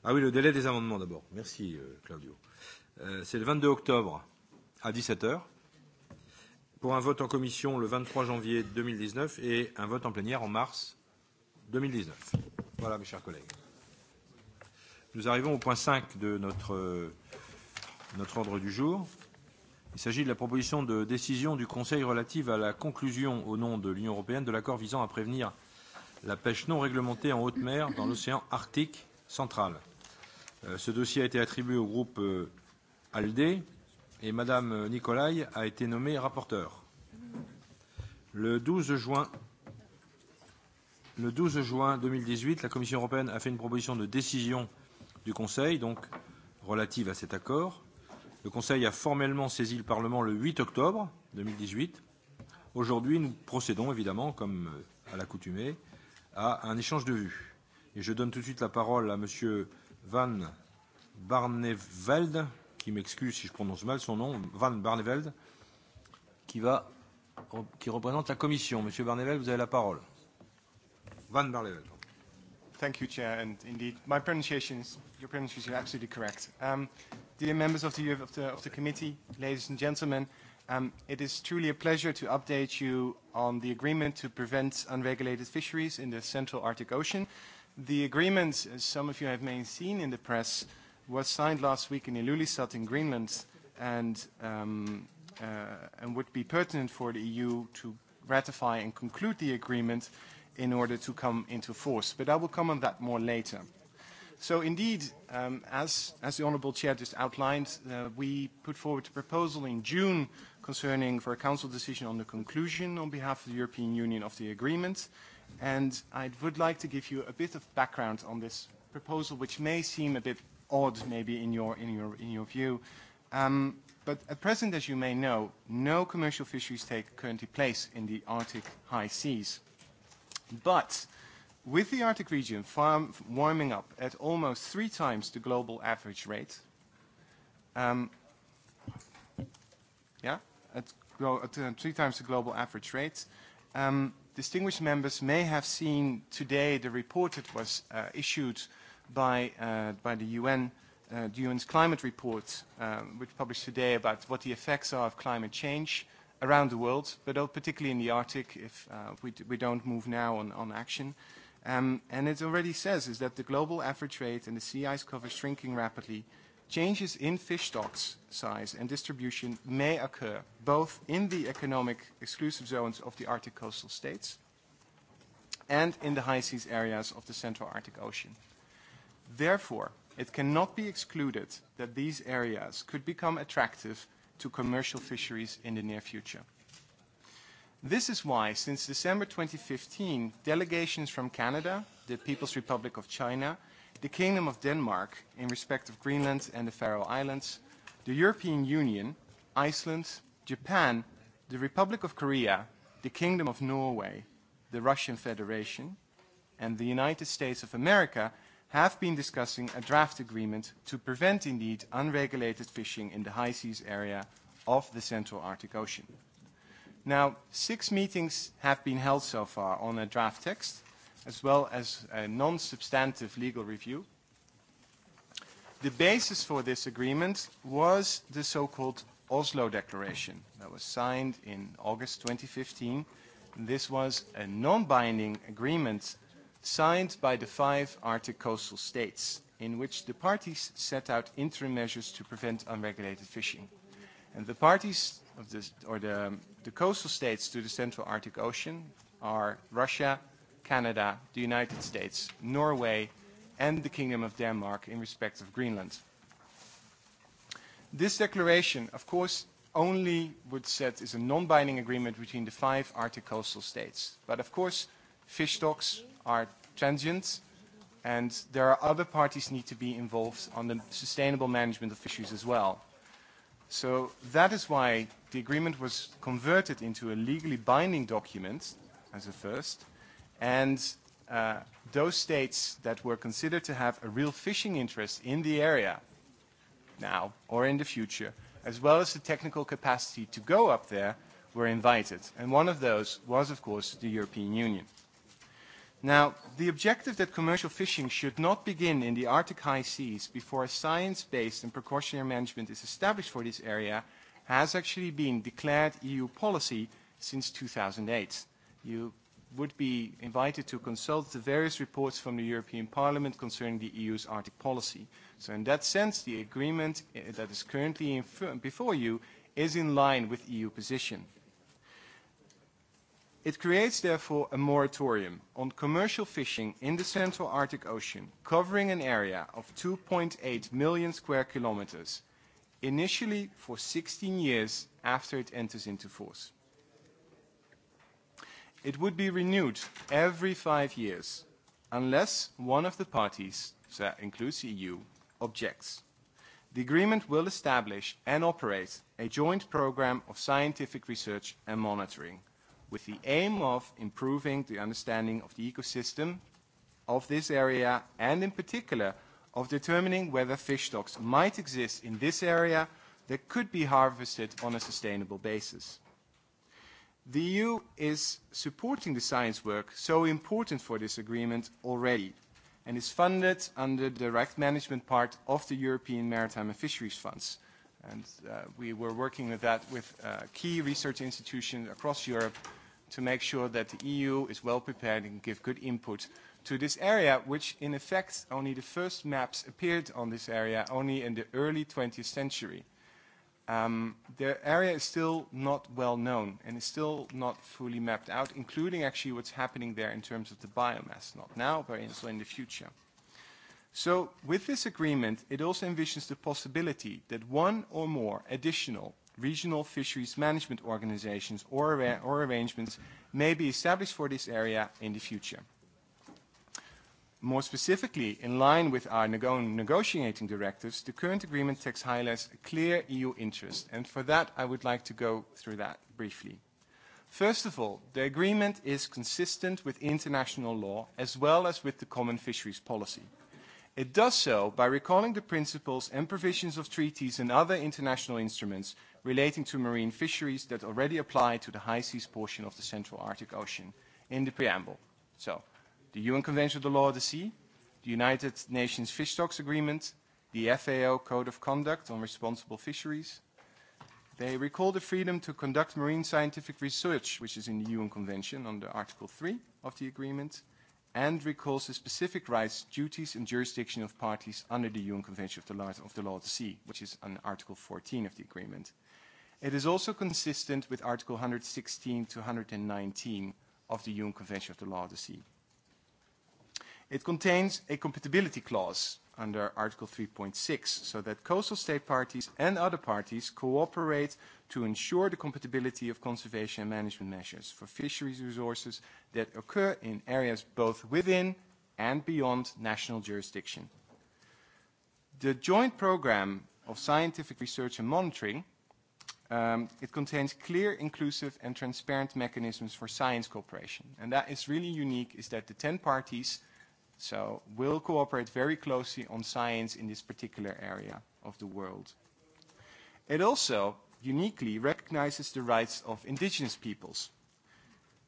Ah oui, le délai des amendements d'abord. Merci euh, Claudio. Euh, c'est le 22 octobre à 17h pour un vote en commission le 23 janvier 2019 et un vote en plénière en mars 2019. Voilà mes chers collègues. Nous arrivons au point 5 de notre, euh, notre ordre du jour. Il s'agit de la proposition de décision du Conseil relative à la conclusion au nom de l'Union européenne de l'accord visant à prévenir la pêche non réglementée en haute mer dans l'océan Arctique central. Euh, ce dossier a été attribué au groupe euh, ALDE et Madame Nicolai a été nommée rapporteure. Le 12 juin le 12 juin 2018, la Commission européenne a fait une proposition de décision du Conseil donc relative à cet accord. Le Conseil a formellement saisi le Parlement le 8 octobre 2018. Aujourd'hui, nous procédons évidemment, comme euh, à l'accoutumée, à un échange de vues. Et je donne tout de suite la parole à Monsieur Van Barneveld, qui m'excuse si je prononce mal son nom, Van Barneveld, qui, va, qui représente la Commission. Monsieur Barneveld, vous avez la parole. Van Barneveld. Thank you, Chair, and indeed, my pronunciation is, your pronunciation is absolutely correct. Um, Dear members of the, of the, of the committee, ladies and gentlemen, um, it is truly a pleasure to update you on the agreement to prevent unregulated fisheries in the Central Arctic Ocean. The agreement, as some of you have may seen in the press, was signed last week in Ilulissat in Greenland and, um, uh, and would be pertinent for the EU to ratify and conclude the agreement in order to come into force. But I will come on that more later. So indeed, um, as, as the Honourable Chair just outlined, uh, we put forward a proposal in June concerning for a Council decision on the conclusion on behalf of the European Union of the agreement. And I would like to give you a bit of background on this proposal, which may seem a bit odd maybe in your, in your, in your view. Um, but at present, as you may know, no commercial fisheries take currently place in the Arctic high seas. But With the Arctic region farm warming up at almost three times the global average rate, um, yeah, at, at uh, three times the global average rate, um, distinguished members may have seen today the report that was uh, issued by, uh, by the UN, uh, the UN's climate report, um, which published today about what the effects are of climate change around the world, but particularly in the Arctic if uh, we, d we don't move now on, on action. Um, and it already says is that the global average rate and the sea ice cover shrinking rapidly, changes in fish stocks size and distribution may occur both in the economic exclusive zones of the Arctic coastal states and in the high seas areas of the Central Arctic Ocean. Therefore, it cannot be excluded that these areas could become attractive to commercial fisheries in the near future. This is why, since December 2015, delegations from Canada, the People's Republic of China, the Kingdom of Denmark in respect of Greenland and the Faroe Islands, the European Union, Iceland, Japan, the Republic of Korea, the Kingdom of Norway, the Russian Federation, and the United States of America have been discussing a draft agreement to prevent indeed unregulated fishing in the high seas area of the Central Arctic Ocean. Now, six meetings have been held so far on a draft text, as well as a non-substantive legal review. The basis for this agreement was the so-called Oslo Declaration that was signed in August 2015. This was a non-binding agreement signed by the five Arctic coastal states in which the parties set out interim measures to prevent unregulated fishing. And the parties of this, or the, the coastal states to the Central Arctic Ocean are Russia, Canada, the United States, Norway, and the Kingdom of Denmark in respect of Greenland. This declaration, of course, only would set is a non-binding agreement between the five Arctic coastal states. But of course, fish stocks are transient, and there are other parties need to be involved on the sustainable management of fisheries as well. So that is why the agreement was converted into a legally binding document as a first, and uh, those states that were considered to have a real fishing interest in the area now or in the future, as well as the technical capacity to go up there, were invited. And one of those was, of course, the European Union. Now, the objective that commercial fishing should not begin in the Arctic high seas before a science-based and precautionary management is established for this area has actually been declared EU policy since 2008. You would be invited to consult the various reports from the European Parliament concerning the EU's Arctic policy. So in that sense, the agreement eh, that is currently in, before you is in line with EU position. It creates, therefore, a moratorium on commercial fishing in the Central Arctic Ocean, covering an area of 2.8 million square kilometers, initially for 16 years after it enters into force. It would be renewed every five years, unless one of the parties, so that includes the EU, objects. The agreement will establish and operate a joint program of scientific research and monitoring – with the aim of improving the understanding of the ecosystem of this area and in particular of determining whether fish stocks might exist in this area that could be harvested on a sustainable basis. The EU is supporting the science work so important for this agreement already and is funded under the direct management part of the European Maritime and Fisheries Funds. And uh, we were working with that with uh, key research institutions across Europe to make sure that the EU is well prepared and give good input to this area, which in effect only the first maps appeared on this area only in the early 20th century. Um, the area is still not well known and is still not fully mapped out, including actually what's happening there in terms of the biomass, not now, but also in the future. So with this agreement, it also envisions the possibility that one or more additional regional fisheries management organizations or, arra or arrangements may be established for this area in the future. More specifically, in line with our negotiating directives, the current agreement takes highlights a clear EU interest, and for that, I would like to go through that briefly. First of all, the agreement is consistent with international law as well as with the common fisheries policy. It does so by recalling the principles and provisions of treaties and other international instruments relating to marine fisheries that already apply to the high seas portion of the Central Arctic Ocean in the preamble. So, the UN Convention on the Law of the Sea, the United Nations Fish Stocks Agreement, the FAO Code of Conduct on Responsible Fisheries. They recall the freedom to conduct marine scientific research, which is in the UN Convention under Article 3 of the agreement, and recalls the specific rights, duties, and jurisdiction of parties under the UN Convention of the Law of the, Law of the Sea, which is on Article 14 of the agreement. It is also consistent with Article 116 to 119 of the UN Convention of the Law of the Sea. It contains a compatibility clause under Article 3.6 so that coastal state parties and other parties cooperate to ensure the compatibility of conservation and management measures for fisheries resources that occur in areas both within and beyond national jurisdiction. The joint program of scientific research and monitoring Um, it contains clear, inclusive, and transparent mechanisms for science cooperation. And that is really unique, is that the 10 parties so will cooperate very closely on science in this particular area of the world. It also uniquely recognizes the rights of indigenous peoples,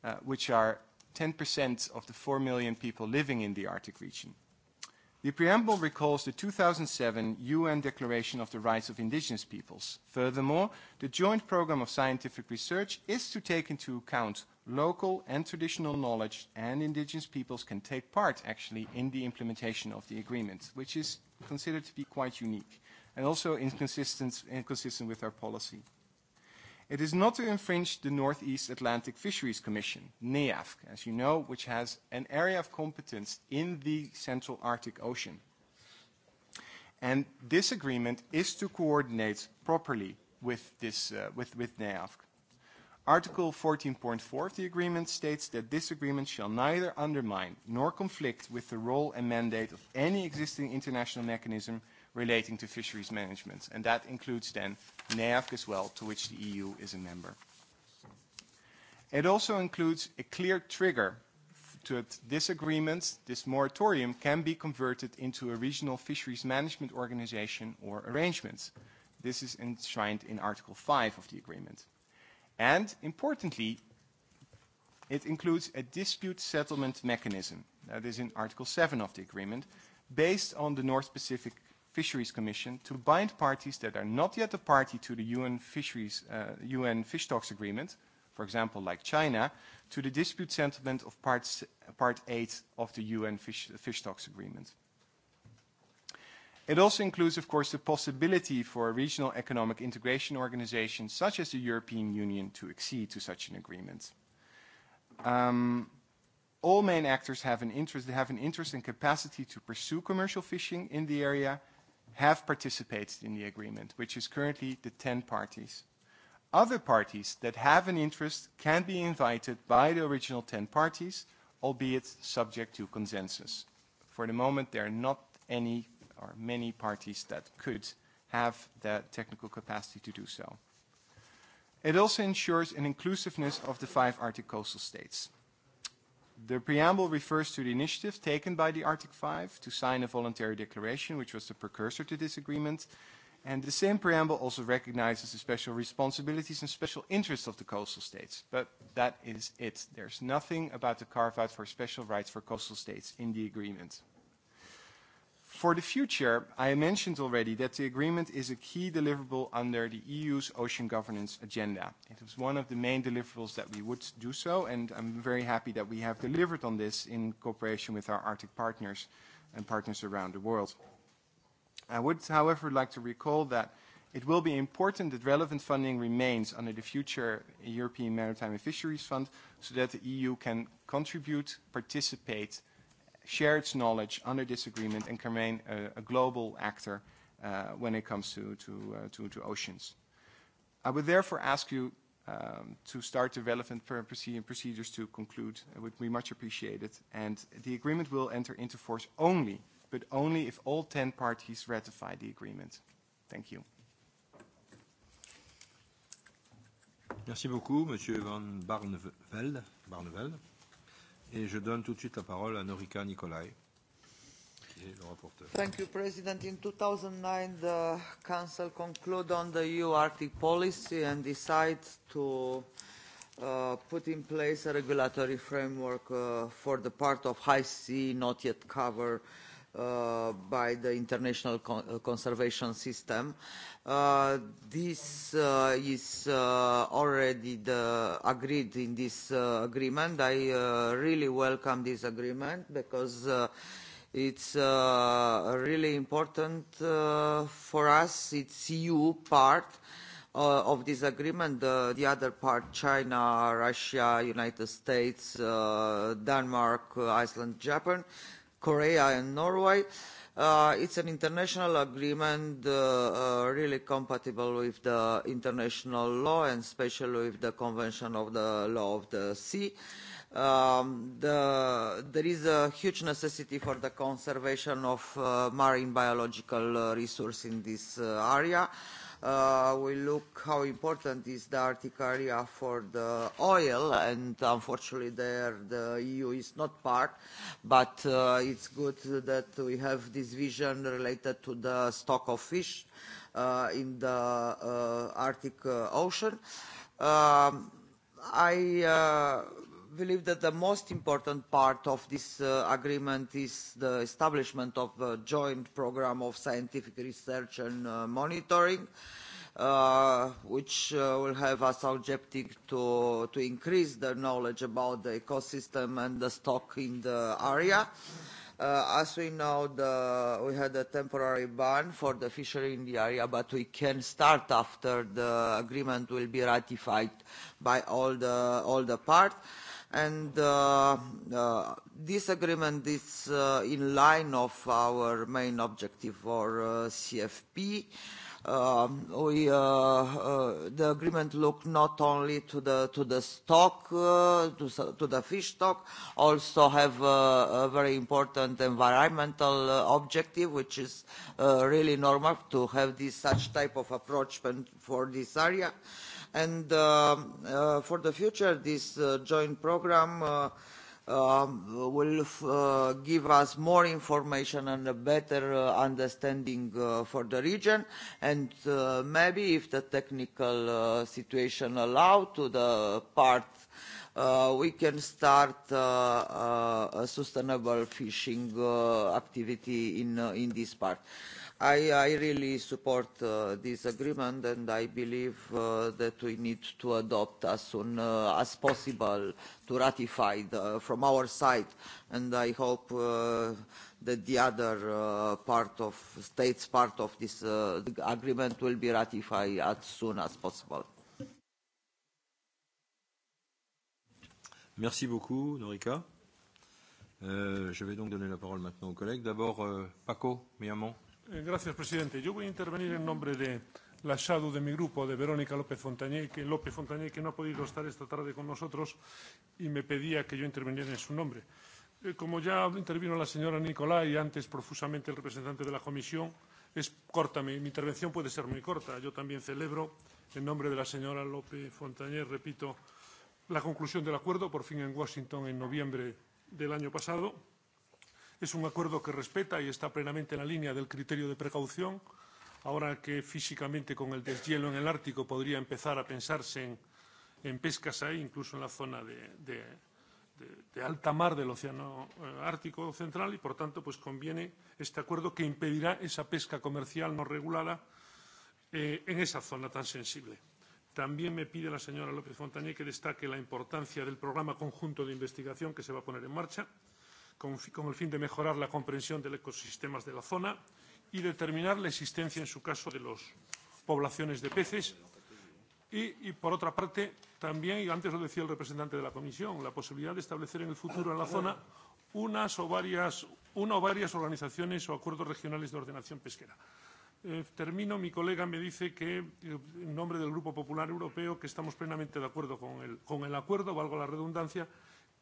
uh, which are 10% of the 4 million people living in the Arctic region. The preamble recalls the 2007 UN Declaration of the Rights of Indigenous Peoples. Furthermore, the joint program of scientific research is to take into account local and traditional knowledge and indigenous peoples can take part actually in the implementation of the agreement, which is considered to be quite unique and also inconsistent, inconsistent with our policy. It is not to infringe the Northeast Atlantic Fisheries Commission, NEAFC, as you know, which has an area of competence in the Central Arctic Ocean. And this agreement is to coordinate properly with, this, uh, with, with NEAFC. Article 14.4 of the agreement states that this agreement shall neither undermine nor conflict with the role and mandate of any existing international mechanism – relating to fisheries management, and that includes then NEAFC as well, to which the EU is a member. It also includes a clear trigger to this agreement, this moratorium can be converted into a regional fisheries management organization or arrangement. This is enshrined in Article 5 of the agreement. And importantly, it includes a dispute settlement mechanism. That is in Article 7 of the agreement, based on the North Pacific Fisheries Commission to bind parties that are not yet a party to the UN, fisheries, uh, UN Fish Talks Agreement, for example, like China, to the dispute settlement of Part Part 8 of the UN Fish, Fish Talks Agreement. It also includes, of course, the possibility for regional economic integration organizations such as the European Union to accede to such an agreement. Um, all main actors have an interest, they have an interest and capacity to pursue commercial fishing in the area, have participated in the agreement, which is currently the 10 parties. Other parties that have an interest can be invited by the original 10 parties, albeit subject to consensus. For the moment, there are not any or many parties that could have the technical capacity to do so. It also ensures an inclusiveness of the five Arctic coastal states. The preamble refers to the initiative taken by the Arctic Five to sign a voluntary declaration, which was the precursor to this agreement. And the same preamble also recognizes the special responsibilities and special interests of the coastal states. But that is it. There's nothing about the carve-out for special rights for coastal states in the agreement. For the future, I mentioned already that the agreement is a key deliverable under the EU's ocean governance agenda. It was one of the main deliverables that we would do so, and I'm very happy that we have delivered on this in cooperation with our Arctic partners and partners around the world. I would, however, like to recall that it will be important that relevant funding remains under the future European Maritime and Fisheries Fund so that the EU can contribute, participate, share its knowledge under this agreement and can remain a, a global actor uh, when it comes to, to, uh, to, to oceans. I would therefore ask you um, to start the relevant procedures to conclude. It uh, would be much appreciated. And the agreement will enter into force only, but only if all 10 parties ratify the agreement. Thank you. Merci beaucoup, Monsieur Van Barneveld. Barneveld. Et je donne tout de suite la parole à Norika Nicolai. Thank you, President. In 2009, the Council concluded on the EU Arctic policy and decided to uh, put in place a regulatory framework uh, for the part of high sea not yet covered Uh, by the international con uh, conservation system. Uh, this uh, is uh, already the agreed in this uh, agreement. I uh, really welcome this agreement because uh, it's uh, really important uh, for us. It's EU part uh, of this agreement. Uh, the other part, China, Russia, United States, uh, Denmark, uh, Iceland, Japan Korea and Norway. Uh, it's an international agreement uh, uh, really compatible with the international law and especially with the Convention of the Law of the Sea. Um, the, there is a huge necessity for the conservation of uh, marine biological uh, resource in this uh, area. Uh, uh, we look how important is the Arctic area for the oil, and unfortunately there the EU is not part, but uh, it's good that we have this vision related to the stock of fish uh, in the uh, Arctic uh, Ocean. Um, I uh, believe that the most important part of this uh, agreement is the establishment of a joint programme of scientific research and uh, monitoring, uh, which uh, will have as objective to, to increase the knowledge about the ecosystem and the stock in the area. Uh, as we know, the, we had a temporary ban for the fishery in the area, but we can start after the agreement will be ratified by all the, all the parts and uh, uh, this agreement is uh, in line of our main objective for uh, CFP. Uh, um, we, uh, uh, the agreement look not only to the to the stock, uh, to, to the fish stock, also have a, a very important environmental uh, objective, which is uh, really normal to have this such type of approach for this area. Uh, And uh, uh, for the future, this uh, joint program uh, uh, will uh, give us more information and a better uh, understanding uh, for the region. And uh, maybe if the technical uh, situation allow to the part uh, we can start uh, uh, a sustainable fishing uh, activity in, uh, in this part. Uh, I, I really support uh, this agreement and I believe uh, that we need to adopt as soon uh, as possible to ratify the, from our side and I hope uh, that the other uh, part of states part of this uh, agreement will be ratified as soon as possible. Merci beaucoup, Norica. Euh, je vais donc donner la parole maintenant aux collègues. D'abord, euh, Paco Miamon. Eh, gracias, presidente. Yo voy a intervenir en nombre de la shadow de mi grupo, de Verónica López Fontañé, que, López Fontañé, que no ha podido estar esta tarde con nosotros y me pedía que yo interviniera en su nombre. Eh, como ya intervino la señora Nicolá y antes profusamente el representante de la comisión, es corta, mi, mi intervención puede ser muy corta. Yo también celebro, en nombre de la señora López Fontañé, repito, la conclusión del acuerdo, por fin en Washington, en noviembre del año pasado Es un acuerdo que respeta y está plenamente en la línea del criterio de precaución. Ahora que físicamente con el deshielo en el Ártico podría empezar a pensarse en, en pescas ahí, incluso en la zona de, de, de, de alta mar del Océano eh, Ártico Central, y por tanto pues conviene este acuerdo que impedirá esa pesca comercial no regulada eh, en esa zona tan sensible. También me pide la señora López Fontañé que destaque la importancia del programa conjunto de investigación que se va a poner en marcha con, con el fin de mejorar la comprensión de los ecosistemas de la zona y determinar la existencia, en su caso, de las poblaciones de peces. Y, y, por otra parte, también, y antes lo decía el representante de la Comisión, la posibilidad de establecer en el futuro en la zona unas o varias, una o varias organizaciones o acuerdos regionales de ordenación pesquera. Eh, termino. Mi colega me dice que, en nombre del Grupo Popular Europeo, que estamos plenamente de acuerdo con el, con el acuerdo, valgo la redundancia,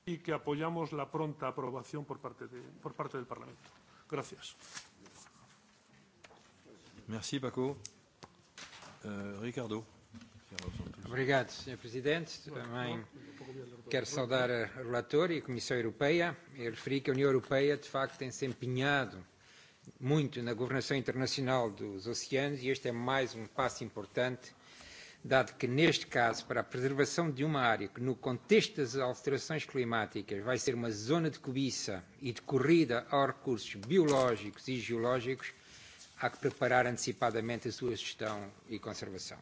y que apoyamos la pronta aprobación por parte, de, por parte del Parlamento. Gracias. Merci, Paco. Uh, Ricardo. Obrigado, Sr. Presidente. Também quero saudar a relator e a Comissão Europeia e referir que a União Europeia, de facto, tem-se empenhado muito na governação internacional dos oceanos e este é mais um passo importante dado que, neste caso, para a preservação de uma área que, no contexto das alterações climáticas, vai ser uma zona de cobiça e de corrida aos recursos biológicos e geológicos, há que preparar antecipadamente a sua gestão e conservação.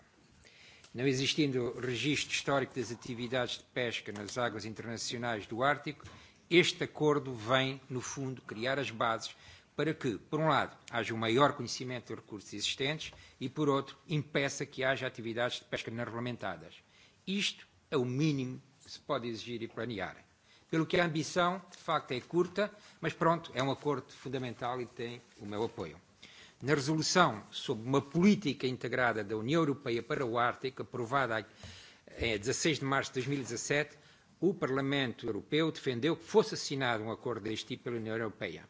Não existindo registro histórico das atividades de pesca nas águas internacionais do Ártico, este acordo vem, no fundo, criar as bases para que, por um lado, haja um maior conhecimento dos recursos existentes e, por outro, impeça que haja atividades de pesca não regulamentadas. Isto é o mínimo que se pode exigir e planear. Pelo que a ambição, de facto, é curta, mas pronto, é um acordo fundamental e tem o meu apoio. Na resolução sobre uma política integrada da União Europeia para o Ártico, aprovada em 16 eh, de março de 2017, e o Parlamento Europeu defendeu que fosse assinado um acordo deste tipo pela União Europeia.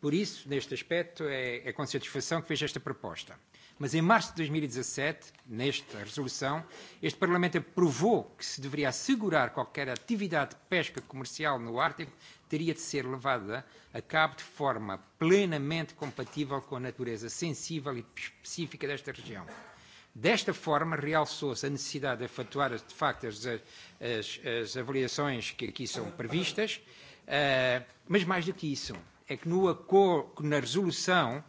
Por isso, neste aspecto, é, é com satisfação que vejo esta proposta. Mas em março de 2017, e nesta resolução, este Parlamento aprovou que se deveria assegurar qualquer atividade de pesca comercial no Ártico teria de ser levada a cabo de forma plenamente compatível com a natureza sensível e específica desta região. Desta forma, realçou-se a necessidade de efetuar, de facto, as, as, as avaliações que aqui são previstas, uh, mas mais do que isso, é que no acordo, na resolução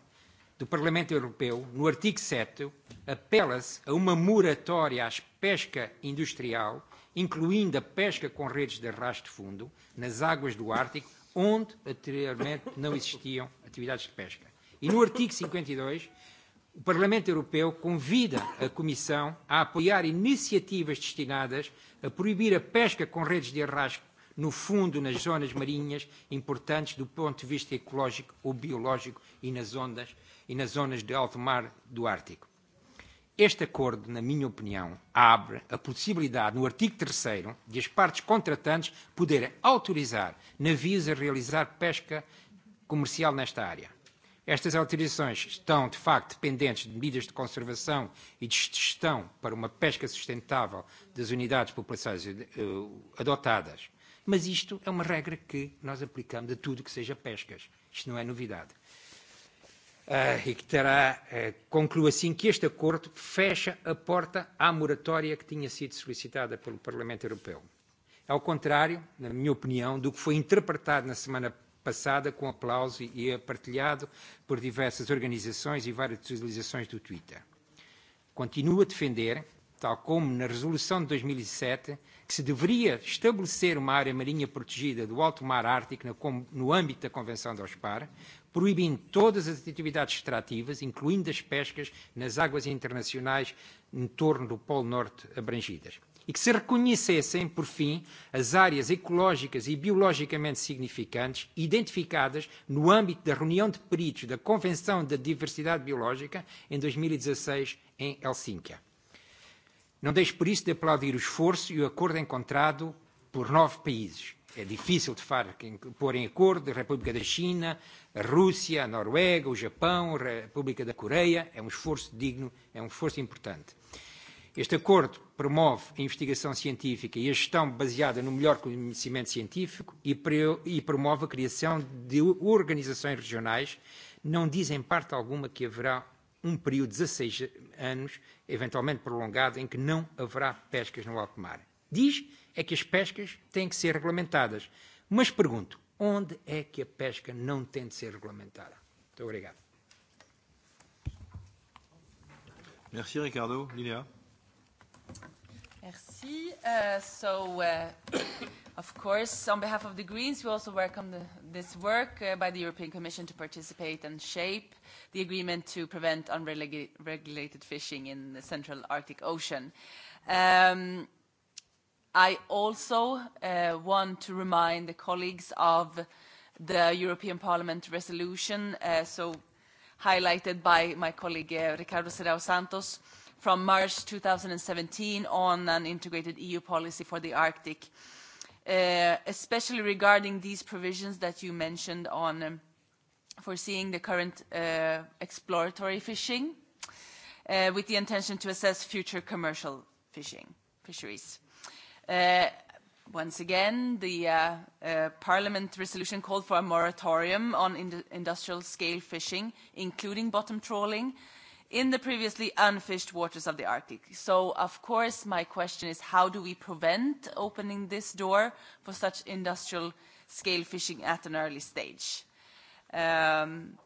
do Parlamento Europeu, no artigo 7, apela-se a uma moratória à pesca industrial, incluindo a pesca com redes de arrasto de fundo, nas águas do Ártico, onde anteriormente não existiam atividades de pesca. E no artigo 52, e o Parlamento Europeu convida a Comissão a apoiar iniciativas destinadas a proibir a pesca com redes de arrasto no fundo nas zonas marinhas importantes do ponto de vista ecológico ou biológico e nas, ondas, e nas zonas de alto mar do Ártico. Este acordo, na minha opinião, abre a possibilidade, no artigo 3 de as partes contratantes poderem autorizar navios a realizar pesca comercial nesta área. Estas autorizações estão, de facto, dependentes de medidas de conservação e de gestão para uma pesca sustentável das unidades populações eh, adotadas Mas isto é uma regra que nós aplicamos a tudo que seja pescas. Isto não é novidade. Uh, e que terá, uh, concluo assim, que este acordo fecha a porta à moratória que tinha sido solicitada pelo Parlamento Europeu. Ao contrário, na minha opinião, do que foi interpretado na semana passada com aplauso e é partilhado por diversas organizações e várias utilizações do Twitter. Continuo a defender tal como na resolução de 2007, e que se deveria estabelecer uma área marinha protegida do alto mar ártico no âmbito da Convenção de Ospar, proibindo todas as atividades extrativas, incluindo as pescas nas águas internacionais em torno do Polo Norte abrangidas. E que se reconhecessem, por fim, as áreas ecológicas e biologicamente significantes identificadas no âmbito da reunião de peritos da Convenção da Diversidade Biológica em 2016 e em Helsínquia. Não deixo por isso de aplaudir o esforço e o acordo encontrado por nove países. É difícil de far, pôr em acordo a República da China, a Rússia, a Noruega, o Japão, a República da Coreia. É um esforço digno, é um esforço importante. Este acordo promove a investigação científica e a gestão baseada no melhor conhecimento científico e, pre, e promove a criação de organizações regionais. Não dizem parte alguma que haverá um período de 16 anos, eventualmente prolongado, em que não haverá pescas no alto mar. Diz é que as pescas têm que ser regulamentadas. Mas pergunto, onde é que a pesca não tem de ser regulamentada? Muito obrigado. Merci Ricardo. Lilia. Merci. Uh, so, uh, of course, on behalf of the Greens, we also welcome the, this work uh, by the European Commission to participate and shape the agreement to prevent unregulated fishing in the Central Arctic Ocean. Um, I also uh, want to remind the colleagues of the European Parliament resolution, uh, so highlighted by my colleague uh, Ricardo Serrao Santos, from March 2017 on an integrated EU policy for the Arctic, uh, especially regarding these provisions that you mentioned on um, foreseeing the current uh, exploratory fishing uh, with the intention to assess future commercial fishing fisheries. Uh, once again, the uh, uh, Parliament resolution called for a moratorium on ind industrial scale fishing, including bottom trawling, uh, in the previously unfished waters of the Arctic. So, of course, my question is how do we prevent opening this door for such industrial scale fishing at an early stage? Um,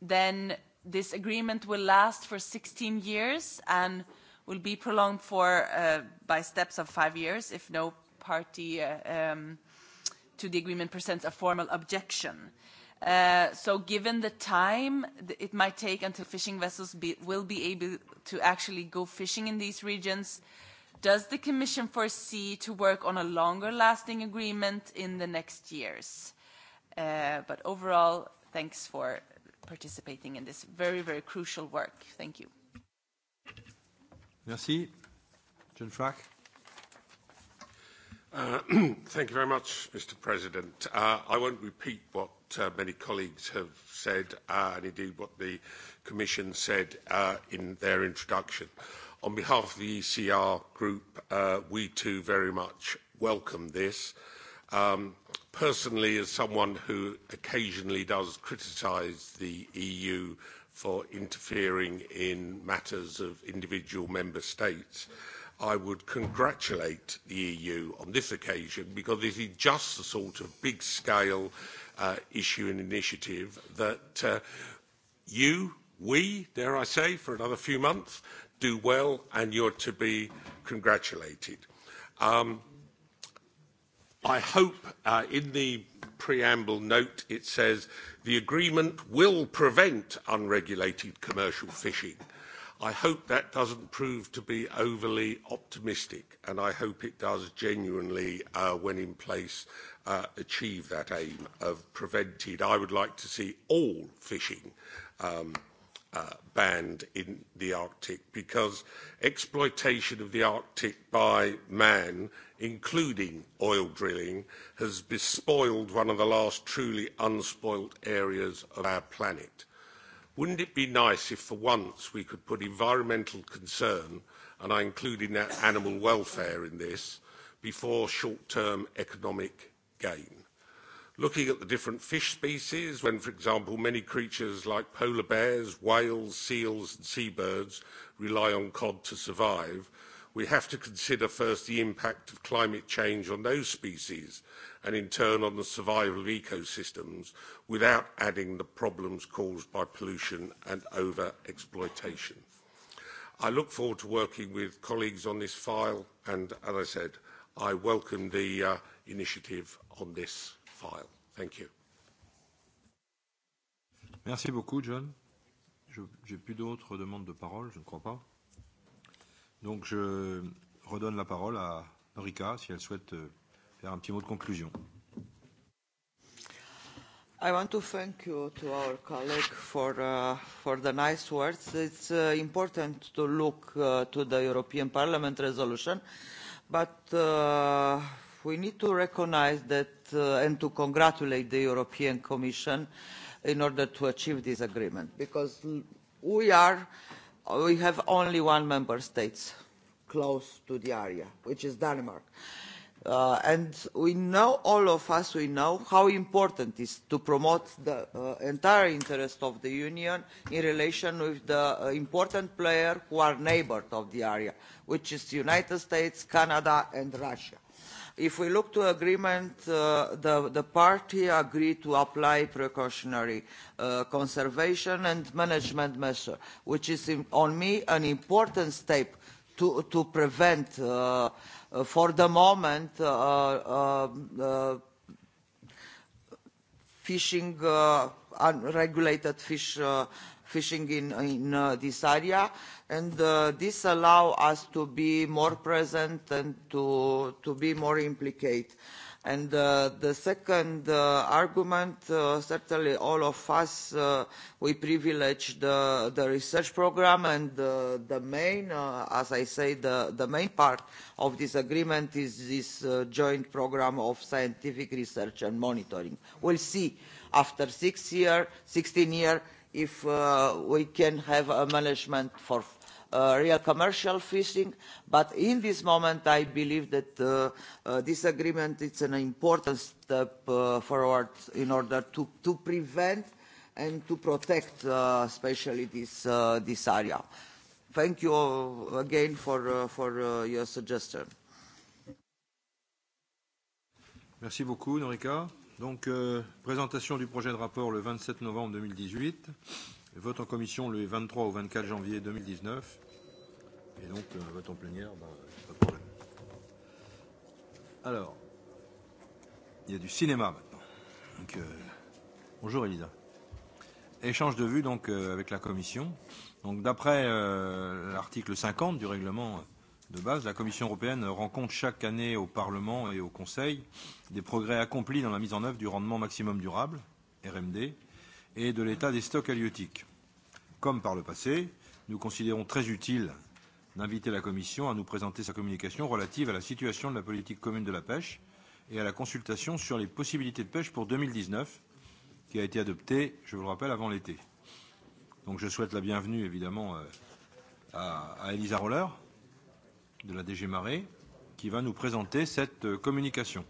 then this agreement will last for 16 years and will be prolonged for, uh, by steps of five years if no party uh, um, to the agreement presents a formal objection. Uh, Uh, so given the time it might take until fishing vessels will be able to actually go fishing in these regions, does the Commission foresee to work on a longer lasting agreement in the next years? Uh, but overall, thanks for participating in this very, very crucial work. Thank you. Merci. John Frack. Uh, thank you very much, Mr. President. I won't repeat what uh, many colleagues have said, uh, and indeed what the Commission said uh, in their introduction. On behalf of the ECR group, uh, we too very much welcome this. Um, personally, as someone who occasionally does criticise the EU for interfering in matters of individual member states, I would congratulate the EU on this occasion because it is just the sort of big scale uh, issue and initiative that uh, you, we, dare I say, for another few months, do well and you're to be congratulated. Um, I hope uh, in the preamble note it says the agreement will prevent unregulated commercial fishing. I hope that doesn't prove to be overly optimistic, and I hope it does genuinely, uh, when in place, uh, achieve that aim of preventing. I would like to see all fishing um, uh, banned in the Arctic because exploitation of the Arctic by man, including oil drilling, has bespoiled one of the last truly unspoilt areas of our planet. Wouldn't it be nice if for once we could put environmental concern, and I include in that animal welfare in this, before short-term economic gain. Looking at the different fish species, when, for example, many creatures like polar bears, whales, seals, and seabirds rely on cod to survive, we have to consider first the impact of climate change on those species and in turn on the survival of ecosystems without adding the problems caused by pollution and over-exploitation. I look forward to working with colleagues on this file and, as I said, I welcome the uh, initiative on this file. Thank you. Merci beaucoup, John. Je n'ai plus d'autres demandes de parole, je ne crois pas. Donc je redonne la parole à Norika si elle souhaite euh, faire un petit mot de conclusion. I want to thank you to our colleague for, uh, for the nice words. It's uh, important to look uh, to the European Parliament resolution, but uh, we need to recognize that uh, and to congratulate the European Commission in order to achieve this agreement because we are uh, we have only one member state close to the area which is Denmark uh, and we know all of us we know how important it is to promote the uh, entire interest of the union in relation with the uh, important players who are neighbors of the area which is the United States Canada and Russia If we look to agreement, uh, the, the party agreed to apply precautionary uh, conservation and management measure, which is in, on me an important step to, to prevent uh, uh, for the moment uh, uh, uh, fishing, uh, unregulated fish uh, fishing in, in uh, this area. And uh, this allows us to be more present and to, to be more implicated. And uh, the second uh, argument, uh, certainly all of us, uh, we privilege the, the research program and uh, the main, uh, as I say, the, the main part of this agreement is this uh, joint program of scientific research and monitoring. We'll see after six year, 16 years if uh, we can have a management for uh, real commercial fishing. But in this moment, I believe that uh, uh, this agreement is an important step uh, forward in order to, to prevent and to protect uh, especially this, uh, this area. Thank you again for, uh, for uh, your suggestion. Merci beaucoup, Norica. Donc, euh, présentation du projet de rapport le 27 novembre 2018, vote en commission le 23 au 24 janvier 2019, et donc euh, vote en plénière, ben, pas de problème. Alors, il y a du cinéma maintenant. Donc, euh, bonjour Elisa. Échange de vues donc euh, avec la commission. Donc d'après euh, l'article 50 du règlement Euh, de base, la Commission européenne rend compte chaque année au Parlement et au Conseil des progrès accomplis dans la mise en œuvre du rendement maximum durable, RMD, et de l'état des stocks halieutiques. Comme par le passé, nous considérons très utile d'inviter la Commission à nous présenter sa communication relative à la situation de la politique commune de la pêche et à la consultation sur les possibilités de pêche pour 2019, qui a été adoptée, je vous le rappelle, avant l'été. Donc je souhaite la bienvenue, évidemment, euh, à, à Elisa Roller de la DG Marais qui va nous présenter cette euh, communication.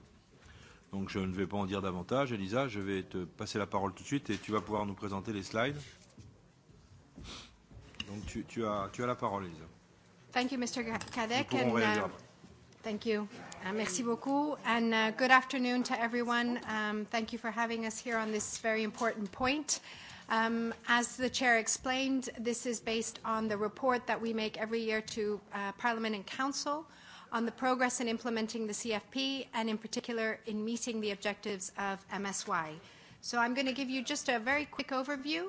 Donc je ne vais pas en dire davantage. Elisa, je vais te passer la parole tout de suite et tu vas pouvoir nous présenter les slides. Donc tu, tu, as, tu as la parole, Elisa. Thank you, Mr. Kadek. And, uh, thank you. Uh, merci beaucoup. And uh, good afternoon to everyone. Um, thank you for having us here on this very important point. Uh, Um, as the Chair explained, this is based on the report that we make every year to uh, Parliament and Council on the progress in implementing the CFP and in particular in meeting the objectives of MSY. So I'm going to give you just a very quick overview.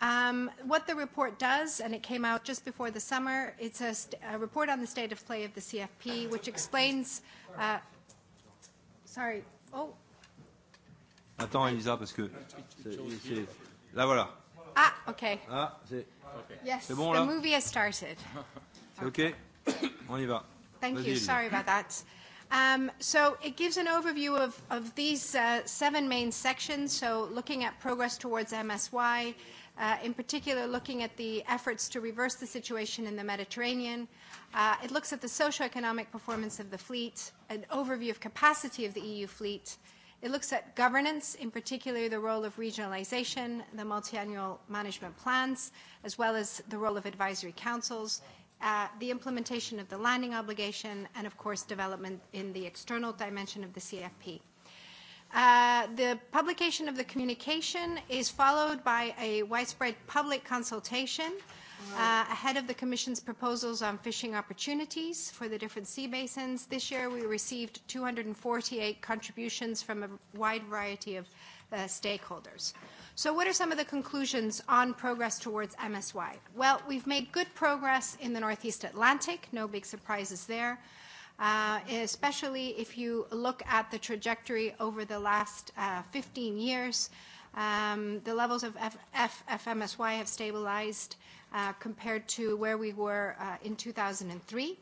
Um, what the report does, and it came out just before the summer, it's a, st- a report on the state of play of the CFP, which explains. Uh, sorry. Oh. Attends, Elisa, parce que. C est, La voilà. Ah, ok. Ah, c'est okay. yes, c'est bon là. The movie has started. C'est ok. On y va. Thank you. Sorry about that. Um, so it gives an overview of, of these uh, seven main sections. So looking at progress towards MSY, uh, in particular looking at the efforts to reverse the situation in the Mediterranean. Uh, it looks at the socioeconomic performance of the fleet, an overview of capacity of the EU fleet, It looks at governance, in particular the role of regionalization, the multiannual management plans, as well as the role of advisory councils, uh, the implementation of the landing obligation, and of course development in the external dimension of the CFP. Uh, the publication of the communication is followed by a widespread public consultation uh, uh, ahead of the Commission's proposals on fishing opportunities for the different sea basins. This year we received 248 contributions from a wide variety of uh, stakeholders. So what are some of the conclusions on progress towards MSY? Well, we've made good progress in the Northeast Atlantic, no big surprises there. Uh, especially if you look at the trajectory over the last uh, 15 years, uh, Um, the levels of F F FMSY have stabilized uh, compared to where we were uh, in 2003.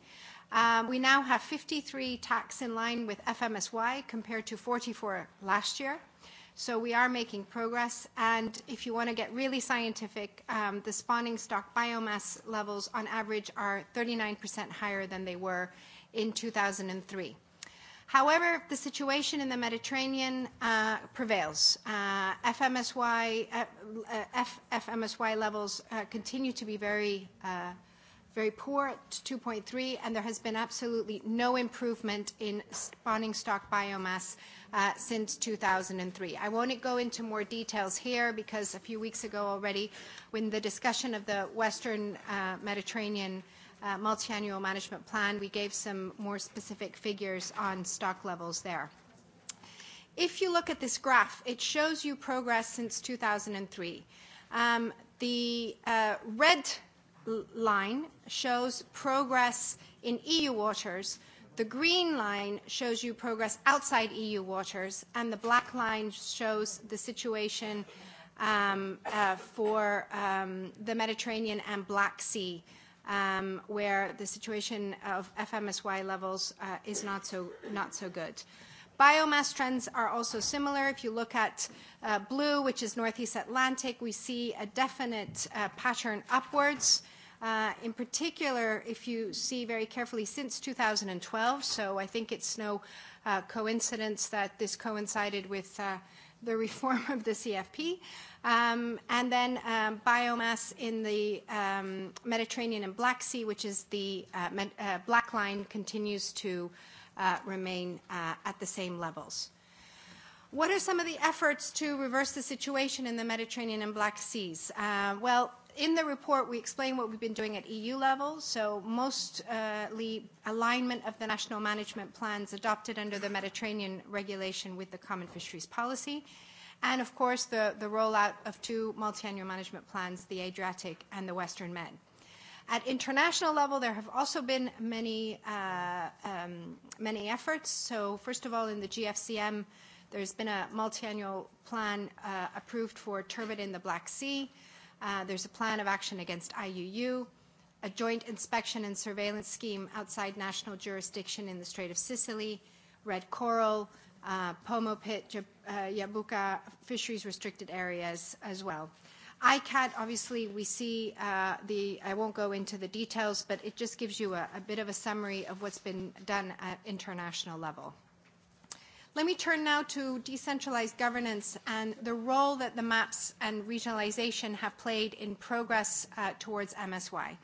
Um, we now have 53 tax in line with FMSY compared to 44 last year. So we are making progress. And if you want to get really scientific, um, the spawning stock biomass levels on average are 39% higher than they were in 2003. However, the situation in the Mediterranean uh, prevails. Uh, FMSY, uh, FMSY levels uh, continue to be very, uh, very poor at 2.3, and there has been absolutely no improvement in spawning stock biomass uh, since 2003. I won't go into more details here because a few weeks ago already, when the discussion of the Western uh, Mediterranean uh, Uh, multi-annual management plan, we gave some more specific figures on stock levels there. If you look at this graph, it shows you progress since 2003. Um, the uh, red line shows progress in EU waters. The green line shows you progress outside EU waters, and the black line shows the situation um, uh, for um, the Mediterranean and Black Sea um, where the situation of FMSY levels uh, is not so, not so good. Biomass trends are also similar. If you look at uh, blue, which is Northeast Atlantic, we see a definite uh, pattern upwards. in particular, if you see very carefully since 2012, so I think it's no coincidence that this coincided with the reform of the CFP, um, and then um, biomass in the um, Mediterranean and Black Sea, which is the uh, med, uh, black line, continues to uh, remain uh, at the same levels. What are some of the efforts to reverse the situation in the Mediterranean and Black Seas? Uh, well, in the report, we explain what we've been doing at EU level. So mostly alignment of the national management plans adopted under the Mediterranean regulation with the common fisheries policy. And of course, the, the rollout of two multi-annual management plans, the Adriatic and the Western Med. At international level, there have also been many, uh, um, many efforts. So first of all, in the GFCM, there's been a multi-annual plan uh, approved for turbot in the Black Sea. Uh, there's a plan of action against IUU, a joint inspection and surveillance scheme outside national jurisdiction in the Strait of Sicily, Red Coral, uh, Pomo Pit, uh, Yabuka fisheries restricted areas as well. ICAT, obviously, we see uh, the, I won't go into the details, but it just gives you a, a bit of a summary of what's been done at international level. Let me turn now to decentralized governance and the role that the maps and regionalization have played in progress uh, towards MSY.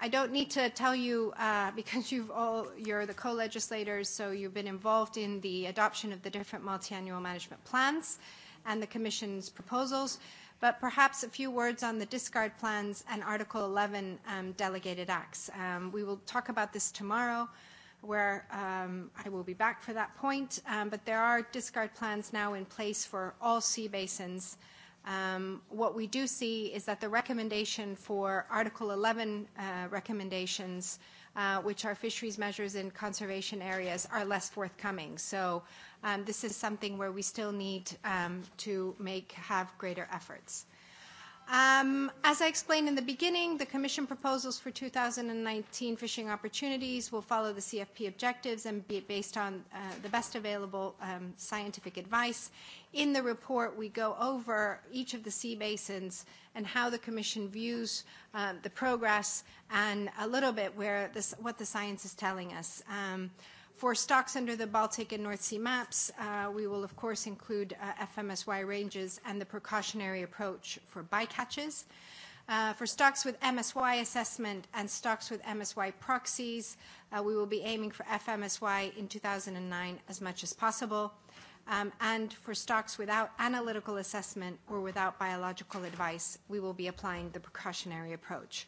I don't need to tell you, uh, because you've all, you're the co-legislators, so you've been involved in the adoption of the different multi-annual management plans and the Commission's proposals, but perhaps a few words on the discard plans and Article 11 um, delegated acts. Um, we will talk about this tomorrow where um, I will be back for that point. Um, but there are discard plans now in place for all sea basins. Um, what we do see is that the recommendation for Article 11 uh, recommendations, uh, which are fisheries measures in conservation areas, are less forthcoming. So um, this is something where we still need um, to make have greater efforts. Um, as I explained in the beginning, the Commission proposals for 2019 fishing opportunities will follow the CFP objectives and be based on uh, the best available um, scientific advice. In the report, we go over each of the sea basins and how the Commission views uh, the progress and a little bit where this, what the science is telling us. Um, For stocks under the Baltic and North Sea maps, uh, we will of course include uh, FMSY ranges and the precautionary approach for bycatches. Uh, for stocks with MSY assessment and stocks with MSY proxies, we will be aiming for FMSY in 2009 as much as possible. Um, and for stocks without analytical assessment or without biological advice, we will be applying the precautionary approach.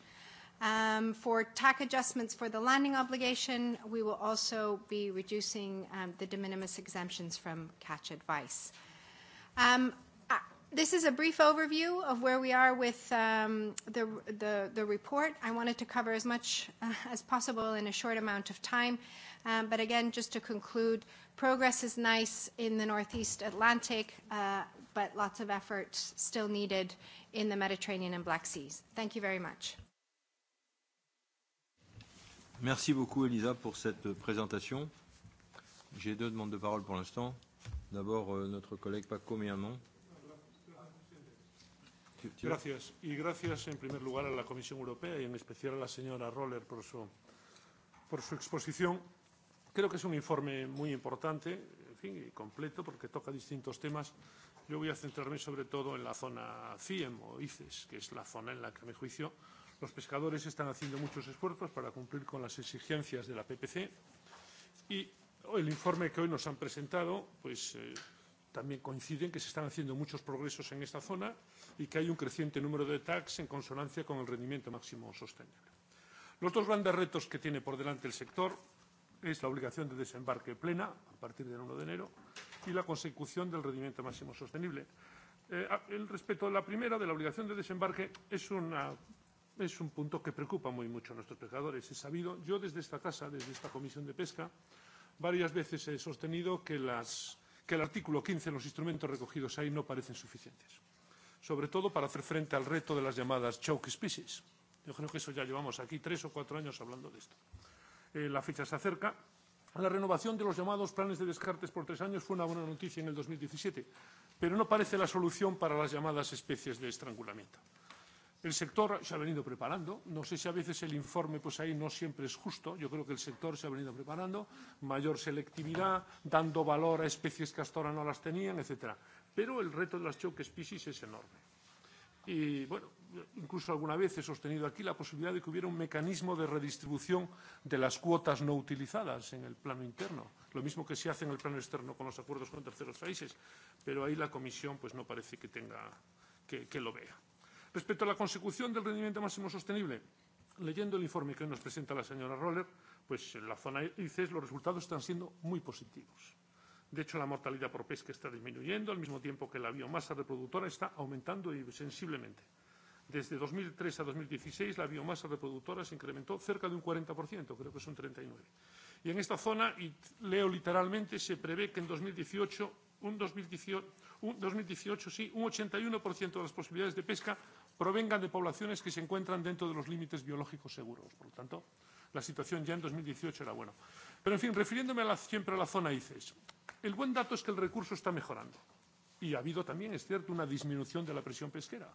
Um, for TAC adjustments for the landing obligation, we will also be reducing um, the de minimis exemptions from catch advice. Um, uh, this is a brief overview of where we are with the, report. I wanted to cover as much uh, as possible in a short amount of time. but again, just to conclude, progress is nice in the Northeast Atlantic, uh, but lots of effort still needed in the Mediterranean and Black Seas. Thank you very much. Merci beaucoup, Elisa, pour cette présentation. J'ai deux demandes de parole pour l'instant. D'abord, euh, notre collègue Paco Miamon. Gracias. Y gracias, en primer lugar, a la Comisión Europea y en especial a la señora Roller por su, por su exposición. Creo que es un informe muy importante, en fin, y completo, porque toca distintos temas. Yo voy a centrarme sobre todo en la zona CIEM o ICES, que es la zona en la que, a mi juicio, Los pescadores están haciendo muchos esfuerzos para cumplir con las exigencias de la PPC y el informe que hoy nos han presentado pues, eh, también coincide en que se están haciendo muchos progresos en esta zona y que hay un creciente número de tags en consonancia con el rendimiento máximo sostenible. Los dos grandes retos que tiene por delante el sector es la obligación de desembarque plena a partir del 1 de enero y la consecución del rendimiento máximo sostenible. Eh, el respecto a la primera, de la obligación de desembarque, es una es un punto que preocupa muy mucho a nuestros pescadores. Es sabido, yo desde esta casa, desde esta Comisión de Pesca, varias veces he sostenido que, las, que el artículo 15, los instrumentos recogidos ahí, no parecen suficientes. Sobre todo para hacer frente al reto de las llamadas choke species. Yo creo que eso ya llevamos aquí tres o cuatro años hablando de esto. Eh, la fecha se acerca. La renovación de los llamados planes de descartes por tres años fue una buena noticia en el 2017, pero no parece la solución para las llamadas especies de estrangulamiento. El sector se ha venido preparando. No sé si a veces el informe, pues ahí no siempre es justo. Yo creo que el sector se ha venido preparando. Mayor selectividad, dando valor a especies que hasta ahora no las tenían, etcétera. Pero el reto de las choke species es enorme. Y bueno, incluso alguna vez he sostenido aquí la posibilidad de que hubiera un mecanismo de redistribución de las cuotas no utilizadas en el plano interno, lo mismo que se hace en el plano externo con los acuerdos con terceros países, pero ahí la Comisión pues no parece que tenga que, que lo vea. Respecto a la consecución del rendimiento máximo sostenible, leyendo el informe que hoy nos presenta la señora Roller, pues en la zona ICES los resultados están siendo muy positivos. De hecho, la mortalidad por pesca está disminuyendo al mismo tiempo que la biomasa reproductora está aumentando y sensiblemente. Desde 2003 a 2016 la biomasa reproductora se incrementó cerca de un 40%, creo que es un 39. Y en esta zona, y leo literalmente, se prevé que en 2018 un 2018, un 2018 sí, un 81% de las posibilidades de pesca provengan de poblaciones que se encuentran dentro de los límites biológicos seguros. Por lo tanto, la situación ya en 2018 era buena. Pero, en fin, refiriéndome a la, siempre a la zona ICES, el buen dato es que el recurso está mejorando. Y ha habido también, es cierto, una disminución de la presión pesquera.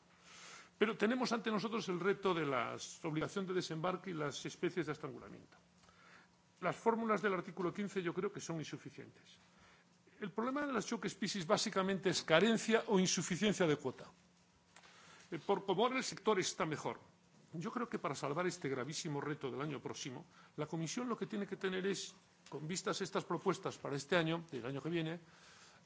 Pero tenemos ante nosotros el reto de la obligación de desembarque y las especies de estrangulamiento. Las fórmulas del artículo 15 yo creo que son insuficientes. El problema de las choque species básicamente es carencia o insuficiencia de cuota. Eh, por cómo el sector está mejor. Yo creo que para salvar este gravísimo reto del año próximo, la Comisión lo que tiene que tener es, con vistas a estas propuestas para este año, del año que viene,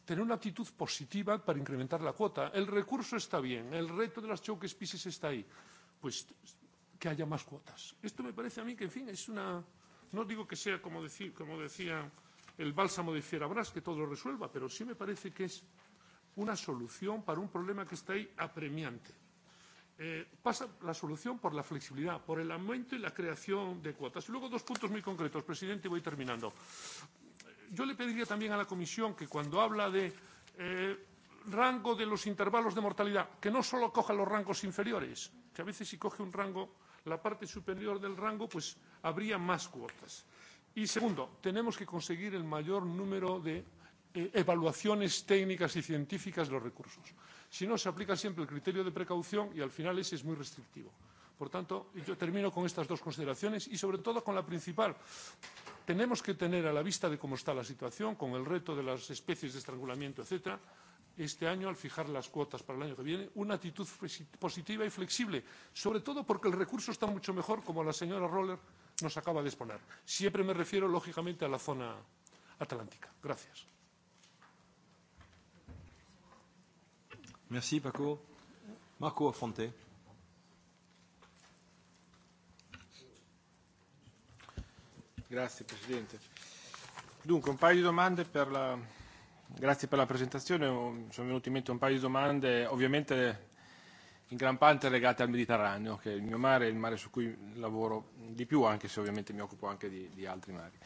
tener una actitud positiva para incrementar la cuota. El recurso está bien, el reto de las choke species está ahí. Pues que haya más cuotas. Esto me parece a mí que, en fin, es una... No digo que sea, como, decir, como decía el bálsamo de Fierabras, que todo lo resuelva, pero sí me parece que es una solución para un problema que está ahí apremiante eh, pasa la solución por la flexibilidad, por el aumento y la creación de cuotas. Y luego dos puntos muy concretos, presidente, y voy terminando. Yo le pediría también a la Comisión que cuando habla de eh, rango de los intervalos de mortalidad, que no solo coja los rangos inferiores, que a veces si coge un rango, la parte superior del rango, pues habría más cuotas. Y segundo, tenemos que conseguir el mayor número de eh, evaluaciones técnicas y científicas de los recursos. Si no, se aplica siempre el criterio de precaución y al final ese es muy restrictivo. Por tanto, yo termino con estas dos consideraciones y sobre todo con la principal. Tenemos que tener a la vista de cómo está la situación, con el reto de las especies de estrangulamiento, etcétera, este año al fijar las cuotas para el año que viene, una actitud positiva y flexible, sobre todo porque el recurso está mucho mejor, como la señora Roller nos acaba de exponer. Siempre me refiero, lógicamente, a la zona atlántica. Gracias. Merci Paco. Marco Affronté. Grazie Presidente. Dunque, un paio di domande per la... Grazie per la presentazione. Mi sono venuti in mente un paio di domande, ovviamente in gran parte legate al Mediterraneo, che è il mio mare, il mare su cui lavoro di più, anche se ovviamente mi occupo anche di, di altri mari.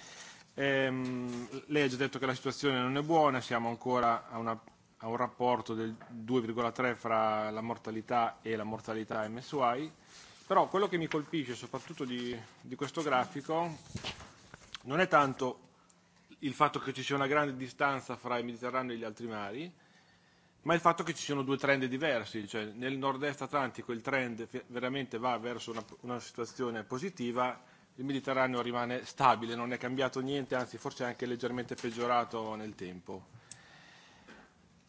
Ehm, lei ha già detto che la situazione non è buona, siamo ancora a una a un rapporto del 2,3 fra la mortalità e la mortalità MSY, però quello che mi colpisce soprattutto di, di questo grafico non è tanto il fatto che ci sia una grande distanza fra il Mediterraneo e gli altri mari, ma il fatto che ci siano due trend diversi, cioè nel nord-est atlantico il trend veramente va verso una, una situazione positiva, il Mediterraneo rimane stabile, non è cambiato niente, anzi forse è anche leggermente peggiorato nel tempo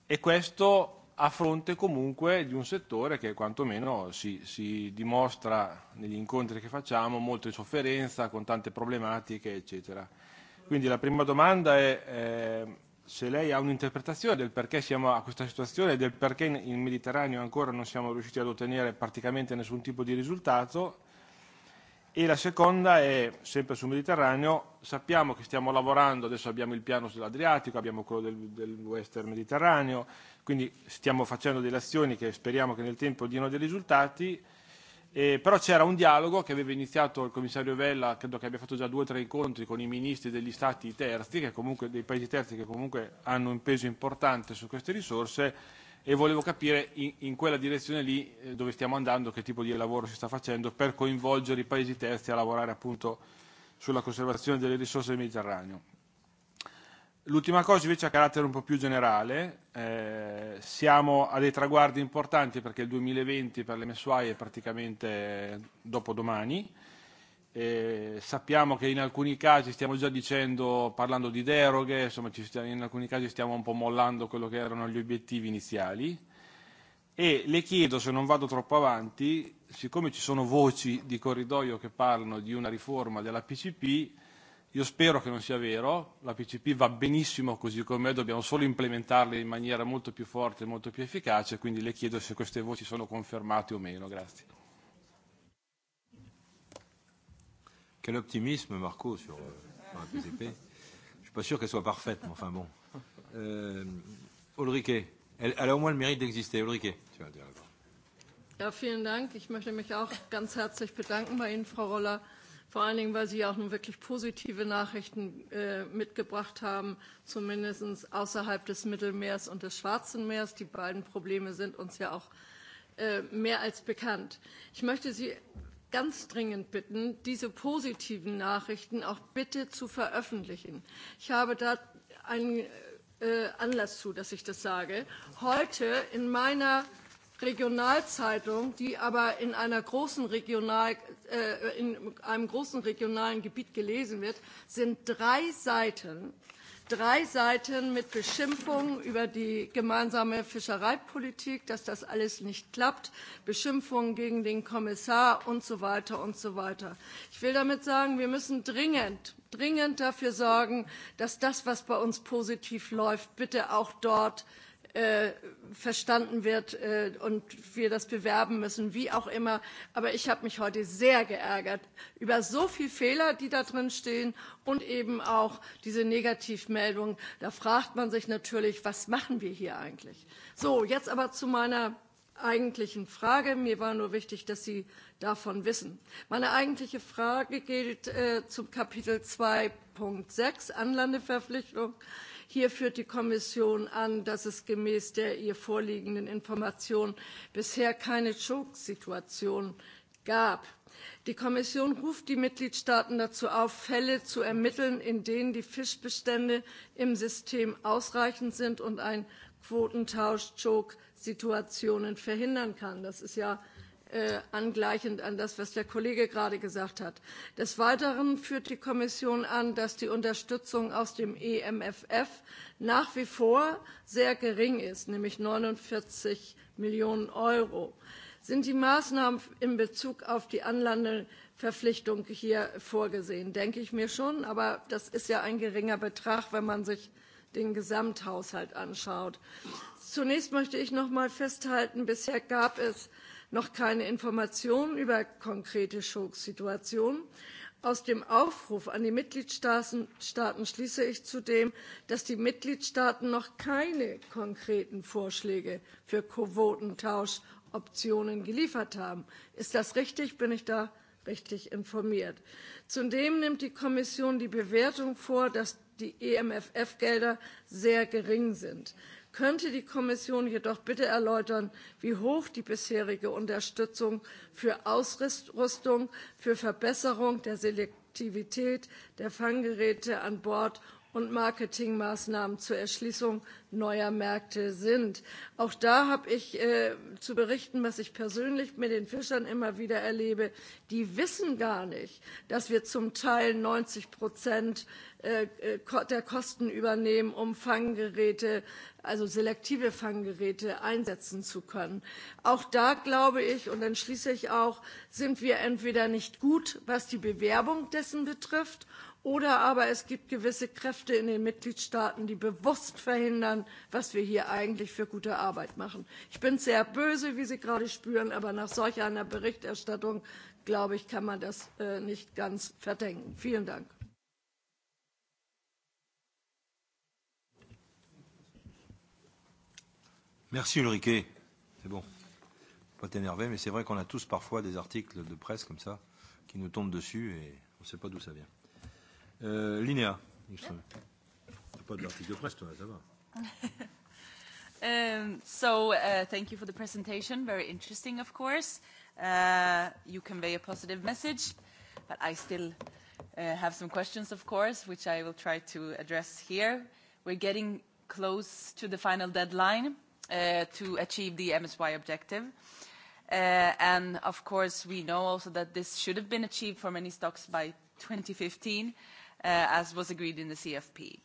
e questo a fronte comunque di un settore che quantomeno si, si dimostra negli incontri che facciamo molto in sofferenza, con tante problematiche, eccetera. Quindi la prima domanda è eh, se lei ha un'interpretazione del perché siamo a questa situazione e del perché in, in Mediterraneo ancora non siamo riusciti ad ottenere praticamente nessun tipo di risultato e la seconda è sempre sul Mediterraneo, sappiamo che stiamo lavorando, adesso abbiamo il piano sull'Adriatico, abbiamo quello del, del Western Mediterraneo, quindi stiamo facendo delle azioni che speriamo che nel tempo diano dei risultati, eh, però c'era un dialogo che aveva iniziato il commissario Vella, credo che abbia fatto già due o tre incontri con i ministri degli stati terzi, che comunque, dei paesi terzi che comunque hanno un peso importante su queste risorse, e volevo capire in, in quella direzione lì eh, dove stiamo andando, che tipo di lavoro si sta facendo per coinvolgere i paesi terzi a lavorare appunto sulla conservazione delle risorse del Mediterraneo. L'ultima cosa invece a carattere un po' più generale, eh, siamo a dei traguardi importanti perché il 2020 per le MSY è praticamente dopo domani Eh, sappiamo che in alcuni casi stiamo già dicendo, parlando di deroghe, insomma ci stiamo, in alcuni casi stiamo un po' mollando quello che erano gli obiettivi iniziali e le chiedo, se non vado troppo avanti, siccome ci sono voci di corridoio che parlano di una riforma della PCP, io spero che non sia vero, la PCP va benissimo così com'è, dobbiamo solo implementarla in maniera molto più forte e molto più efficace, quindi le chiedo se queste voci sono confermate o meno. Grazie. Quel optimisme, Marco, sur, euh, sur la PCP. Je ne suis pas sûr qu'elle soit parfaite, mais enfin bon. Euh, Ulrike, elle, elle a au moins le mérite d'exister. Ulrike, tu vas dire d'abord. Ja, vielen Dank. Ich möchte mich auch ganz herzlich bedanken bei Ihnen, Frau Roller. Vor allen Dingen, weil Sie auch nun wirklich positive Nachrichten äh, mitgebracht haben, zumindest außerhalb des Mittelmeers und des Schwarzen Meers. Die beiden Probleme sind uns ja auch äh, mehr als bekannt. Ich möchte Sie ganz dringend bitten, diese positiven Nachrichten auch bitte zu veröffentlichen. Ich habe da einen äh, Anlass zu, dass ich das sage. Heute in meiner Regionalzeitung, die aber in, einer großen Regional, äh, in einem großen regionalen Gebiet gelesen wird, sind drei Seiten drei Seiten mit Beschimpfungen über die gemeinsame Fischereipolitik, dass das alles nicht klappt, Beschimpfungen gegen den Kommissar und so weiter und so weiter. Ich will damit sagen, wir müssen dringend, dringend dafür sorgen, dass das, was bei uns positiv läuft, bitte auch dort äh, äh, verstanden wird äh, und wir das bewerben müssen, wie auch immer. Aber ich habe mich heute sehr geärgert über so viele Fehler, die da drin stehen und eben auch diese Negativmeldung. Da fragt man sich natürlich, was machen wir hier eigentlich? So, jetzt aber zu meiner eigentlichen Frage. Mir war nur wichtig, dass Sie davon wissen. Meine eigentliche Frage geht äh, zum Kapitel 2.6 Anlandeverpflichtung. Äh, Hier führt die Kommission an, dass es gemäß der ihr vorliegenden Information bisher keine choke gab. Die Kommission ruft die Mitgliedstaaten dazu auf, Fälle zu ermitteln, in denen die Fischbestände im System ausreichend sind und ein Quotentausch-Choke-Situationen verhindern kann. Das ist ja Äh, angleichend an das, was der Kollege gerade gesagt hat. Des Weiteren führt die Kommission an, dass die Unterstützung aus dem EMFF nach wie vor sehr gering ist, nämlich 49 Millionen Euro. Sind die Maßnahmen in Bezug auf die Anlandeverpflichtung hier vorgesehen? Denke ich mir schon, aber das ist ja ein geringer Betrag, wenn man sich den Gesamthaushalt anschaut. Zunächst möchte ich noch einmal festhalten, bisher gab es noch keine Informationen über konkrete Schocksituationen. Aus dem Aufruf an die Mitgliedstaaten schließe ich zudem, dass die Mitgliedstaaten noch keine konkreten Vorschläge für Quotentauschoptionen geliefert haben. Ist das richtig? Bin ich da richtig informiert? Zudem nimmt die Kommission die Bewertung vor, dass die EMFF-Gelder sehr gering sind könnte die Kommission jedoch bitte erläutern, wie hoch die bisherige Unterstützung für Ausrüstung, für Verbesserung der Selektivität der Fanggeräte an Bord und Marketingmaßnahmen zur Erschließung neuer Märkte sind. Auch da habe ich äh, zu berichten, was ich persönlich mit den Fischern immer wieder erlebe. Die wissen gar nicht, dass wir zum Teil 90 Prozent äh, äh der Kosten übernehmen, um Fanggeräte, also selektive Fanggeräte einsetzen zu können. Auch da glaube ich und dann schließe ich auch, sind wir entweder nicht gut, was die Bewerbung dessen betrifft, Oder aber es gibt gewisse Kräfte in den Mitgliedstaaten, die bewusst verhindern, was wir hier eigentlich für gute Arbeit machen. Ich bin sehr böse, wie Sie gerade spüren, aber nach solch einer Berichterstattung, glaube ich, kann man das äh, nicht ganz verdenken. Vielen Dank. Merci Ulrike. C'est bon. Pas t'énerver, mais c'est vrai qu'on a tous parfois des articles de presse comme ça qui nous tombent dessus et on ne sait pas d'où ça vient. Euh, Linéa, il yeah. Pas de l'article de presse, toi, ça va. Um, so uh, thank you for the presentation. Very interesting, of course. Uh, you convey a positive message, but I still uh, have some questions, of course, which I will try to address here. We're getting close to the final deadline uh, to achieve the MSY objective. Uh, and of course, we know also that this should have been achieved for many stocks by 2015 Uh, as was agreed in the CFP.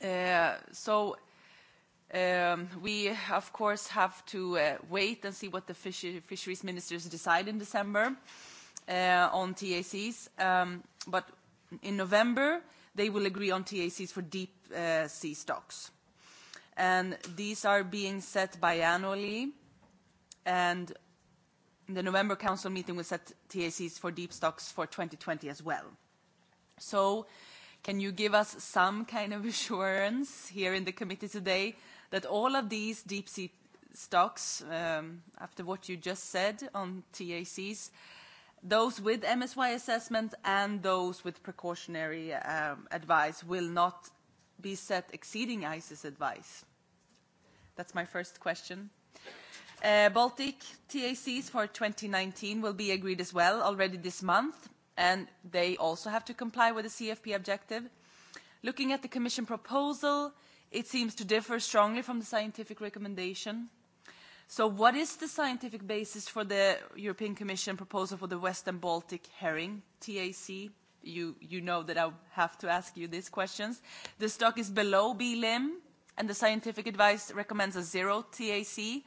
Uh, so um, we, of course, have to uh, wait and see what the fisheries ministers decide in December on TACs. Um, but in November, they will agree on TACs for deep sea stocks. And these are being set biannually. And the November Council meeting will set TACs for deep stocks for 2020 as well. So can you give us some kind of assurance here in the committee today that all of these deep sea stocks, um, after what you just said on TACs, those with MSY assessment and those with precautionary um, advice will not be set exceeding ICE's advice? That's my first question. Uh, Baltic TACs for 2019 will be agreed as well already this month, and they also have to comply with the CFP objective. Looking at the Commission proposal, it seems to differ strongly from the scientific recommendation. So what is the scientific basis for the European Commission proposal for the Western Baltic herring, TAC? You, you know that I have to ask you these questions. The stock is below B-lim, and the scientific advice recommends a zero TAC.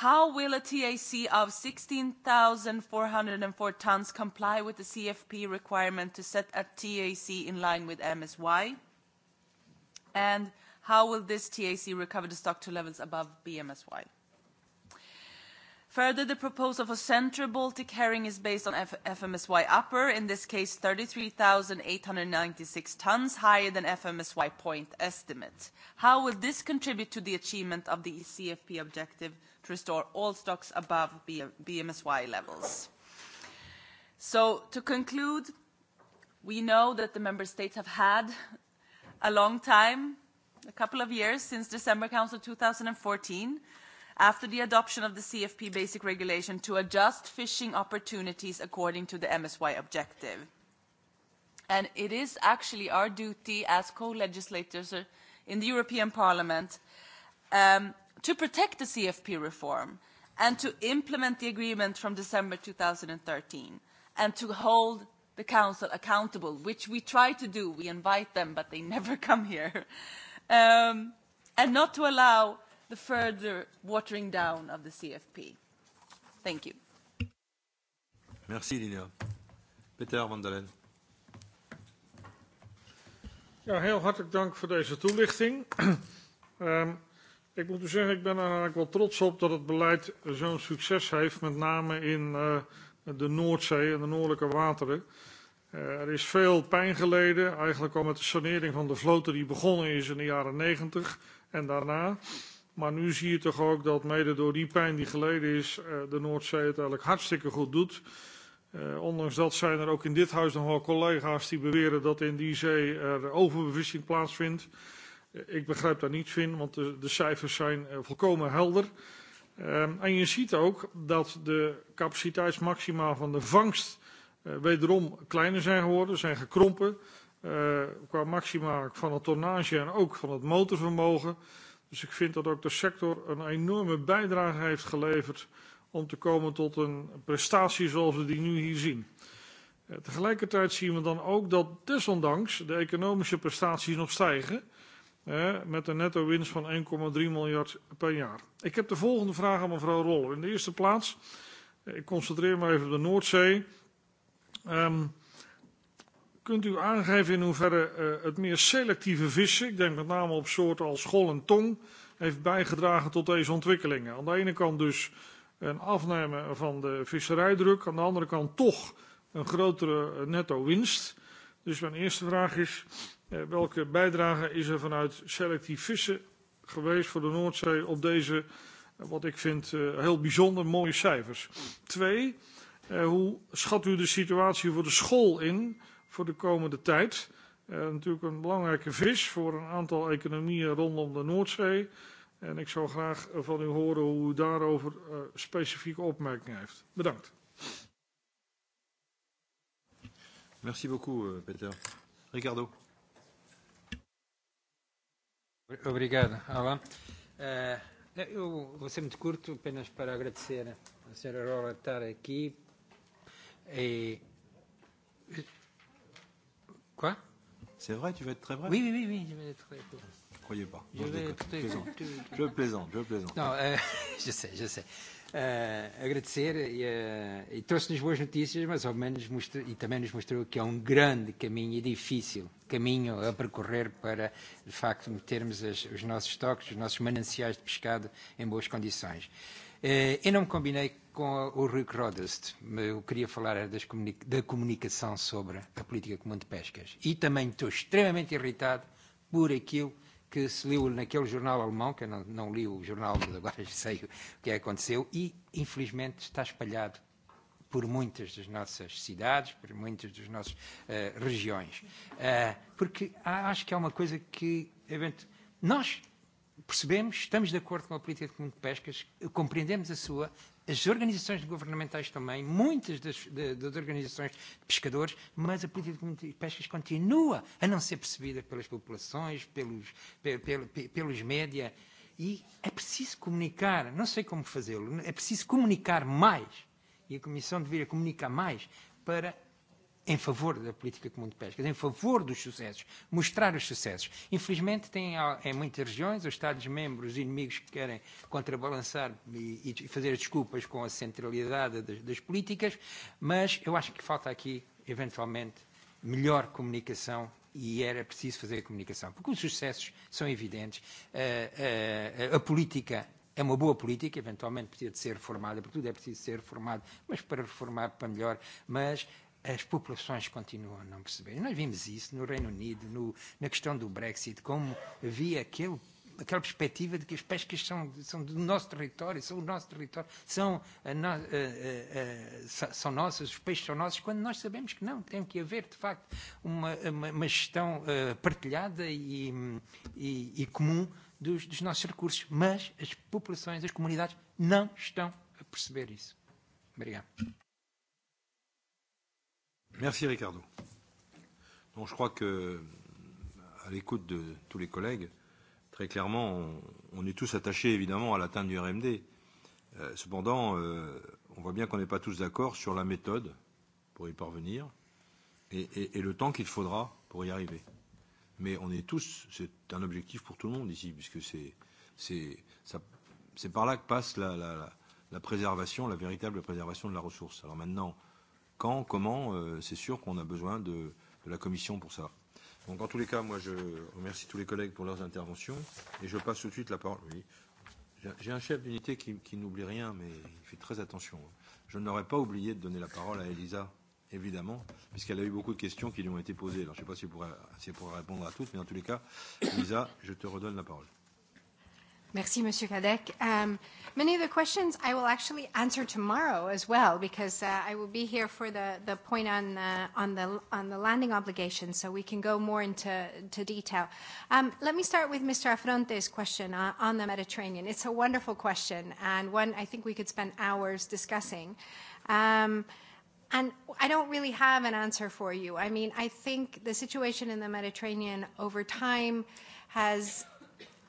How will a TAC of 16,404 tons comply with the CFP requirement to set a TAC in line with MSY? And how will this TAC recover the stock to levels above BMSY? Further, the proposal for Central Baltic herring is based on FMSY upper, in this case 33,896 tons, higher than FMSY point estimate. How will this contribute to the achievement of the CFP objective to restore all stocks above BMSY levels? So to conclude, we know that the member states have had a long time, a couple of years since December Council 2014, after the adoption of the CFP basic regulation to adjust fishing opportunities according to the MSY objective. And it is actually our duty as co-legislators in the European Parliament um, to protect the CFP reform and to implement the agreement from December 2013 and to hold the Council accountable, which we try to do. We invite them, but they never come here. Um, and not to allow the further watering down of the CFP? Thank you. Merci, Lina. Peter van der Len. Ja, heel hartelijk dank voor deze toelichting. um, ik moet u zeggen, ik ben er eigenlijk wel trots op dat het beleid zo'n succes heeft, met name in uh, de Noordzee en de noordelijke wateren. Uh, er is veel pijn geleden, eigenlijk al met de sanering van de vloten die begonnen is in de jaren negentig en daarna. Maar nu zie je toch ook dat mede door die pijn die geleden is, eh, de Noordzee het eigenlijk hartstikke goed doet. Eh, ondanks dat zijn er ook in dit huis nog wel collega's die beweren dat in die zee er overbevissing plaatsvindt. Eh, ik begrijp daar niets van, want de, de cijfers zijn eh, volkomen helder. Eh, en je ziet ook dat de capaciteitsmaxima van de vangst eh, wederom kleiner zijn geworden, zijn gekrompen. Qua maxima van het tonnage en ook van het motorvermogen. Dus ik vind dat ook de sector een enorme bijdrage heeft geleverd om te komen tot een prestatie zoals we die nu hier zien. Eh, tegelijkertijd zien we dan ook dat desondanks de economische prestaties nog stijgen. met een netto winst van 1,3 miljard per jaar. Ik heb de volgende vraag aan mevrouw Rolle. In de eerste plaats, eh, ik concentreer me even op de Noordzee. Um, Kunt u aangeven in hoeverre eh, het meer selectieve vissen, ik denk met name op soorten als schol en tong, heeft bijgedragen tot deze ontwikkelingen? Aan de ene kant dus een afnemen van de visserijdruk, aan de andere kant toch een grotere eh, netto winst. Dus mijn eerste vraag is, eh, welke bijdrage is er vanuit selectief vissen geweest voor de Noordzee op deze, wat ik vind, heel bijzonder mooie cijfers? Twee, uh, hoe schat u de situatie voor de school in? voor de komende tijd. Uh, natuurlijk een belangrijke vis voor een aantal economieën rondom de Noordzee. En ik zou graag van u horen hoe u daarover uh, specifieke opmerkingen heeft. Bedankt. Merci beaucoup, eh, Peter. Ricardo. Obrigado, Alain. Uh, eu vou ser muito curto, apenas para agradecer a senhora Rola estar aqui. E Quoi C'est vrai, tu vas être très bref Oui, oui, oui, oui je vais être très bref. Croyez pas. Je, non, vais je, être très plaisante. je plaisante, je plaisante. Non, euh, je sais, je sais. Uh, agradecer uh, e trouxe-nos boas notícias, mas ao menos mostrou, e também nos mostrou que é um grande caminho e difícil caminho a percorrer para, de facto, metermos as, os nossos toques, os nossos mananciais de pescado em boas condições. Eh, eu não me combinei com o Rui Rodas. Eu queria falar das comunica da comunicação sobre a política comum de pescas. E também estou extremamente irritado por aquilo que se leu naquele jornal alemão, que eu não, não li o jornal, mas agora já sei o que aconteceu, e infelizmente está espalhado por muitas das nossas cidades, por muitas das nossas uh, eh, regiões. Uh, porque há, acho que é uma coisa que, eventualmente, nós percebemos, estamos de acordo com a política comum de pescas, compreendemos a sua, as organizações governamentais também, muitas das, de, das organizações de pescadores, mas a política comum de pescas continua a não ser percebida pelas populações, pelos, pelos, pe, pelos média, e é preciso comunicar, não sei como fazê-lo, é preciso comunicar mais, e a Comissão deveria comunicar mais para em favor da política comum de pesca, em favor dos sucessos, mostrar os sucessos. Infelizmente, tem em muitas regiões os Estados-membros inimigos que querem contrabalançar e, e fazer desculpas com a centralidade das, das políticas, mas eu acho que falta aqui, eventualmente, melhor comunicação e era preciso fazer a comunicação, porque os sucessos são evidentes, a, eh, a, eh, a política é uma boa política, eventualmente precisa de ser reformada, porque tudo é preciso ser reformado, mas para reformar para melhor, mas as populações continuam a não perceber. Nós vimos isso no Reino Unido, no, na questão do Brexit, como havia aquele aquela perspectiva de que as pescas são, são do nosso território, são o nosso território, são, a no, a, a, a, são nossas, os peixes são nossos, quando nós sabemos que não, tem que haver, de facto, uma, uma, uma gestão uh, partilhada e, e, e comum dos, dos nossos recursos. Mas as populações, as comunidades, não estão a perceber isso. Obrigado. Merci Ricardo. Donc je crois que, à l'écoute de tous les collègues, très clairement, on, on est tous attachés évidemment à l'atteinte du RMD. Euh, cependant, euh, on voit bien qu'on n'est pas tous d'accord sur la méthode pour y parvenir et, et, et le temps qu'il faudra pour y arriver. Mais on est tous, c'est un objectif pour tout le monde ici, puisque c'est, par là que passe la, la, la, la préservation, la véritable préservation de la ressource. Alors maintenant, quand, comment, euh, c'est sûr qu'on a besoin de, de la commission pour ça. Donc en tous les cas, moi je remercie tous les collègues pour leurs interventions et je passe tout de suite la parole. Oui. J'ai un chef d'unité qui, qui n'oublie rien, mais il fait très attention. Je n'aurais pas oublié de donner la parole à Elisa, évidemment, puisqu'elle a eu beaucoup de questions qui lui ont été posées. Alors je ne sais pas si elle pourra, si répondre à toutes, mais en tous les cas, Elisa, je te redonne la parole. Merci, Monsieur Cadec. Um, many of the questions I will actually answer tomorrow as well, because uh, I will be here for the, the point on, the on, the, on the landing obligation, so we can go more into to detail. Um, let me start with Mr. Afronte's question uh, on the Mediterranean. It's a wonderful question, and one I think we could spend hours discussing. Um, and I don't really have an answer for you. I mean, I think the situation in the Mediterranean over time has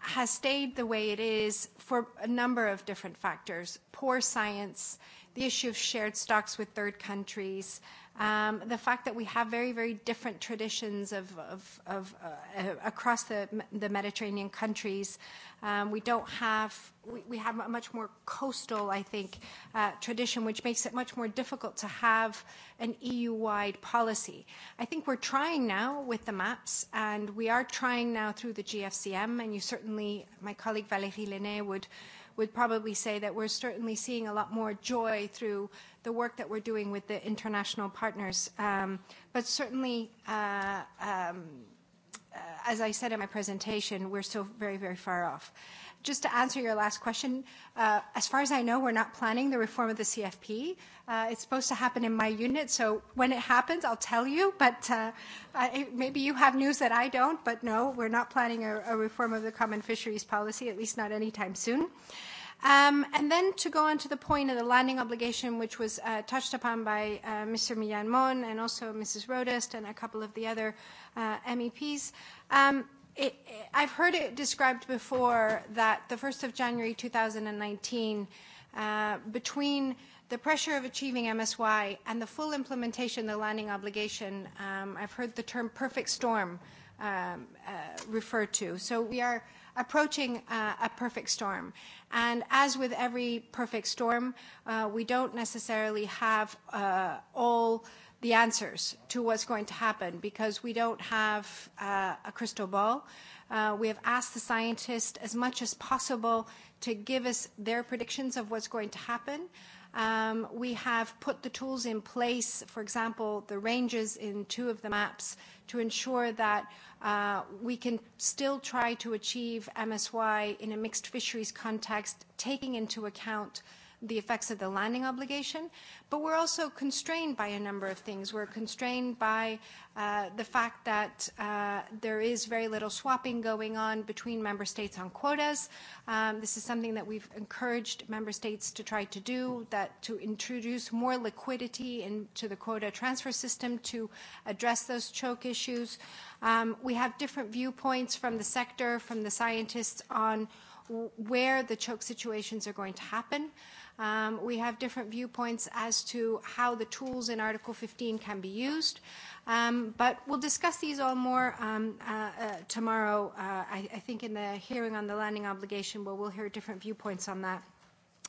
has stayed the way it is for a number of different factors poor science, the issue of shared stocks with third countries, Um, the fact that we have very, very different traditions of, of, of uh, uh across the, the Mediterranean countries. Um, we don't have, we, we have a much more coastal, I think, uh, tradition, which makes it much more difficult to have an EU-wide policy. I think we're trying now with the maps, and we are trying now through the GFCM, and you certainly, my colleague Valérie Lenné would, would probably say that we're certainly seeing a lot more joy through the work that we're doing with the international partners. Um, but certainly, uh, um, Uh, as I said in my presentation, we're still very, very far off. Just to answer your last question, uh, as far as I know, we're not planning the reform of the CFP. Uh, it's supposed to happen in my unit, so when it happens, I'll tell you. But uh, I, maybe you have news that I don't, but no, we're not planning a, a reform of the common fisheries policy, at least not anytime soon. Uh, Um, and then to go on to the point of the landing obligation, which was uh, touched upon by uh, Mr. Millan Mon and also Mrs. Rodest and a couple of the other uh, MEPs. Um, it, it, I've heard it described before that the 1st of January 2019, uh, between the pressure of achieving MSY and the full implementation of the landing obligation, um, I've heard the term perfect storm um, uh, referred to. So we are approaching uh, a perfect storm. And as with every perfect storm, uh, we don't necessarily have uh, all the answers to what's going to happen because we don't have uh, a crystal ball. Uh, we have asked the scientists as much as possible to give us their predictions of what's going to happen. Uh, Um, we have put the tools in place, for example, the ranges in two of the maps, to ensure that uh, we can still try to achieve MSY in a mixed fisheries context, taking into account the effects of the landing obligation, but we're also constrained by a number of things. We're constrained by uh, the fact that uh, there is very little swapping going on between member states on quotas. Um, this is something that we've encouraged member states to try to do, that to introduce more liquidity into the quota transfer system to address those choke issues. Um, we have different viewpoints from the sector, from the scientists on where the choke situations are going to happen. Um, we have different viewpoints as to how the tools in Article 15 can be used. Um, but we'll discuss these all more um, uh, uh, tomorrow, uh, I, I think, in the hearing on the landing obligation, where we'll hear different viewpoints on that.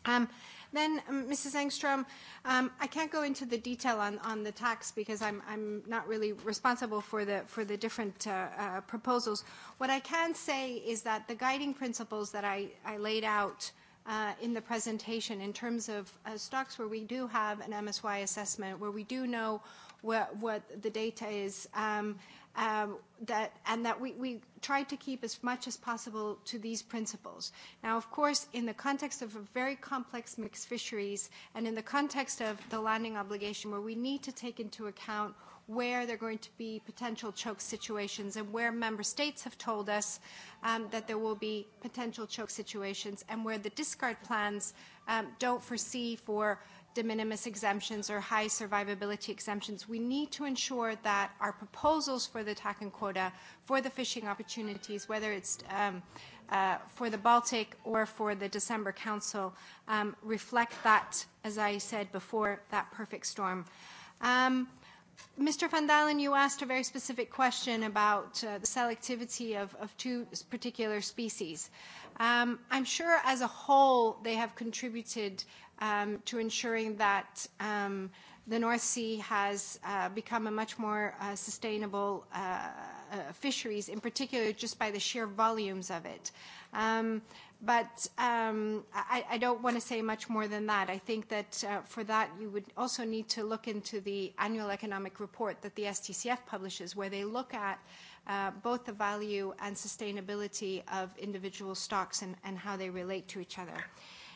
Um, then, um, Mrs. Engstrom, um, I can't go into the detail on, on the tax because I'm, I'm not really responsible for the, for the different uh, uh, proposals. What I can say is that the guiding principles that I, I laid out Uh, in the presentation in terms of uh, stocks where we do have an MSY assessment, where we do know what, what the data is, um, um, that, and that we, we try to keep as much as possible to these principles. Now, of course, in the context of a very complex mixed fisheries and in the context of the landing obligation, where we need to take into account – where there are going to be potential choke situations and where member states have told us um, that there will be potential choke situations and where the discard plans um, don't foresee for de minimis exemptions or high survivability exemptions, we need to ensure that our proposals for the and quota, for the fishing opportunities, whether it's um, uh, for the Baltic or for the December Council, um, reflect that, as I said before, that perfect storm. Um, Mr. Van Dalen, you asked a very specific question about uh, the selectivity of, of two particular species. Um, I'm sure as a whole they have contributed um, to ensuring that um, the North Sea has uh, become a much more uh, sustainable uh, uh, fisheries, in particular just by the sheer volumes of it. Um, But um, I, I don't want to say much more than that. I think that uh, for that, you would also need to look into the annual economic report that the STCF publishes, where they look at uh, both the value and sustainability of individual stocks and, and how they relate to each other.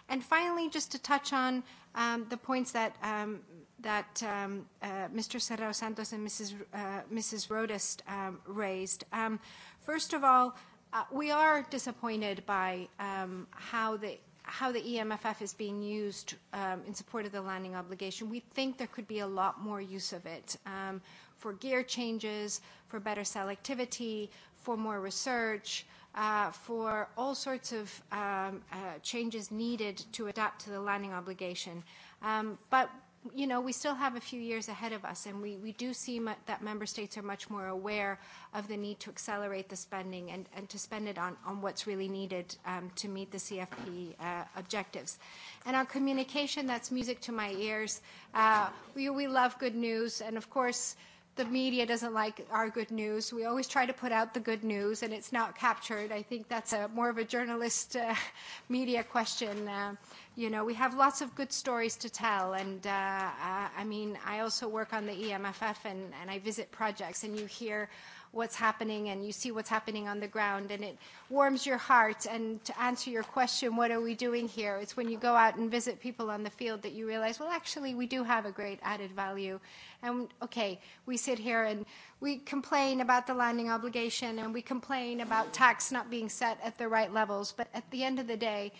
And finally, just to touch on um, the points that um, that um, uh, Mr. Serrao Santos and Mrs. Uh, Mrs. Rodas um, raised. Um, first of all, Uh, we are disappointed by um, how the how the EMFF is being used um, in support of the landing obligation. We think there could be a lot more use of it um, for gear changes, for better selectivity, for more research, uh, for all sorts of um, uh, changes needed to adapt to the landing obligation. Um, but you know, we still have a few years ahead of us, and we, we do see mu- that member states are much more aware of the need to accelerate the spending and, and to spend it on, on what's really needed um, to meet the CFP uh, objectives. And our communication, that's music to my ears. Uh, we, we love good news, and of course, the media doesn't like our good news. We always try to put out the good news, and it's not captured. I think that's a, more of a journalist uh, media question. Uh, you know, we have lots of good stories to tell. And uh, uh I mean, I also work on the EMFF and, and I visit projects and you hear what's happening and you see what's happening on the ground and it warms your heart. And to answer your question, what are we doing here? It's when you go out and visit people on the field that you realize, well, actually, we do have a great added value. And okay, we sit here and we complain about the landing obligation and we complain about tax not being set at the right levels. But at the end of the day,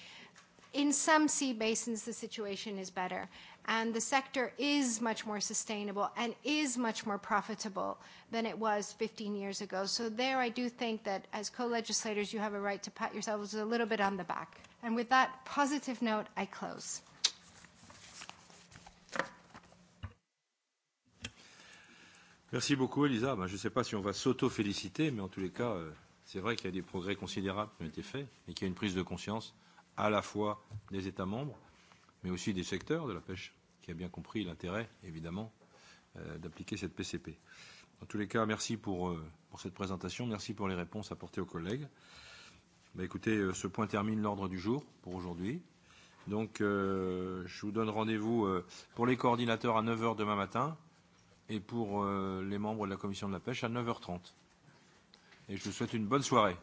In some sea basins, the situation is better, and the sector is much more sustainable and is much more profitable than it was 15 years ago. So there, I do think that as co-legislators, you have a right to pat yourselves a little bit on the back. And with that positive note, I close. Merci beaucoup, Elisa. Ben, je ne sais pas si on va s'auto-féliciter, mais en tous les cas, euh, c'est vrai qu'il y a des progrès considérables qui ont été faits et qu'il y a une prise de conscience à la fois des États membres, mais aussi des secteurs de la pêche, qui a bien compris l'intérêt, évidemment, euh, d'appliquer cette PCP. En tous les cas, merci pour, euh, pour cette présentation, merci pour les réponses apportées aux collègues. Bah, écoutez, euh, ce point termine l'ordre du jour pour aujourd'hui. Donc, euh, je vous donne rendez-vous euh, pour les coordinateurs à 9h demain matin et pour euh, les membres de la commission de la pêche à 9h30. Et je vous souhaite une bonne soirée.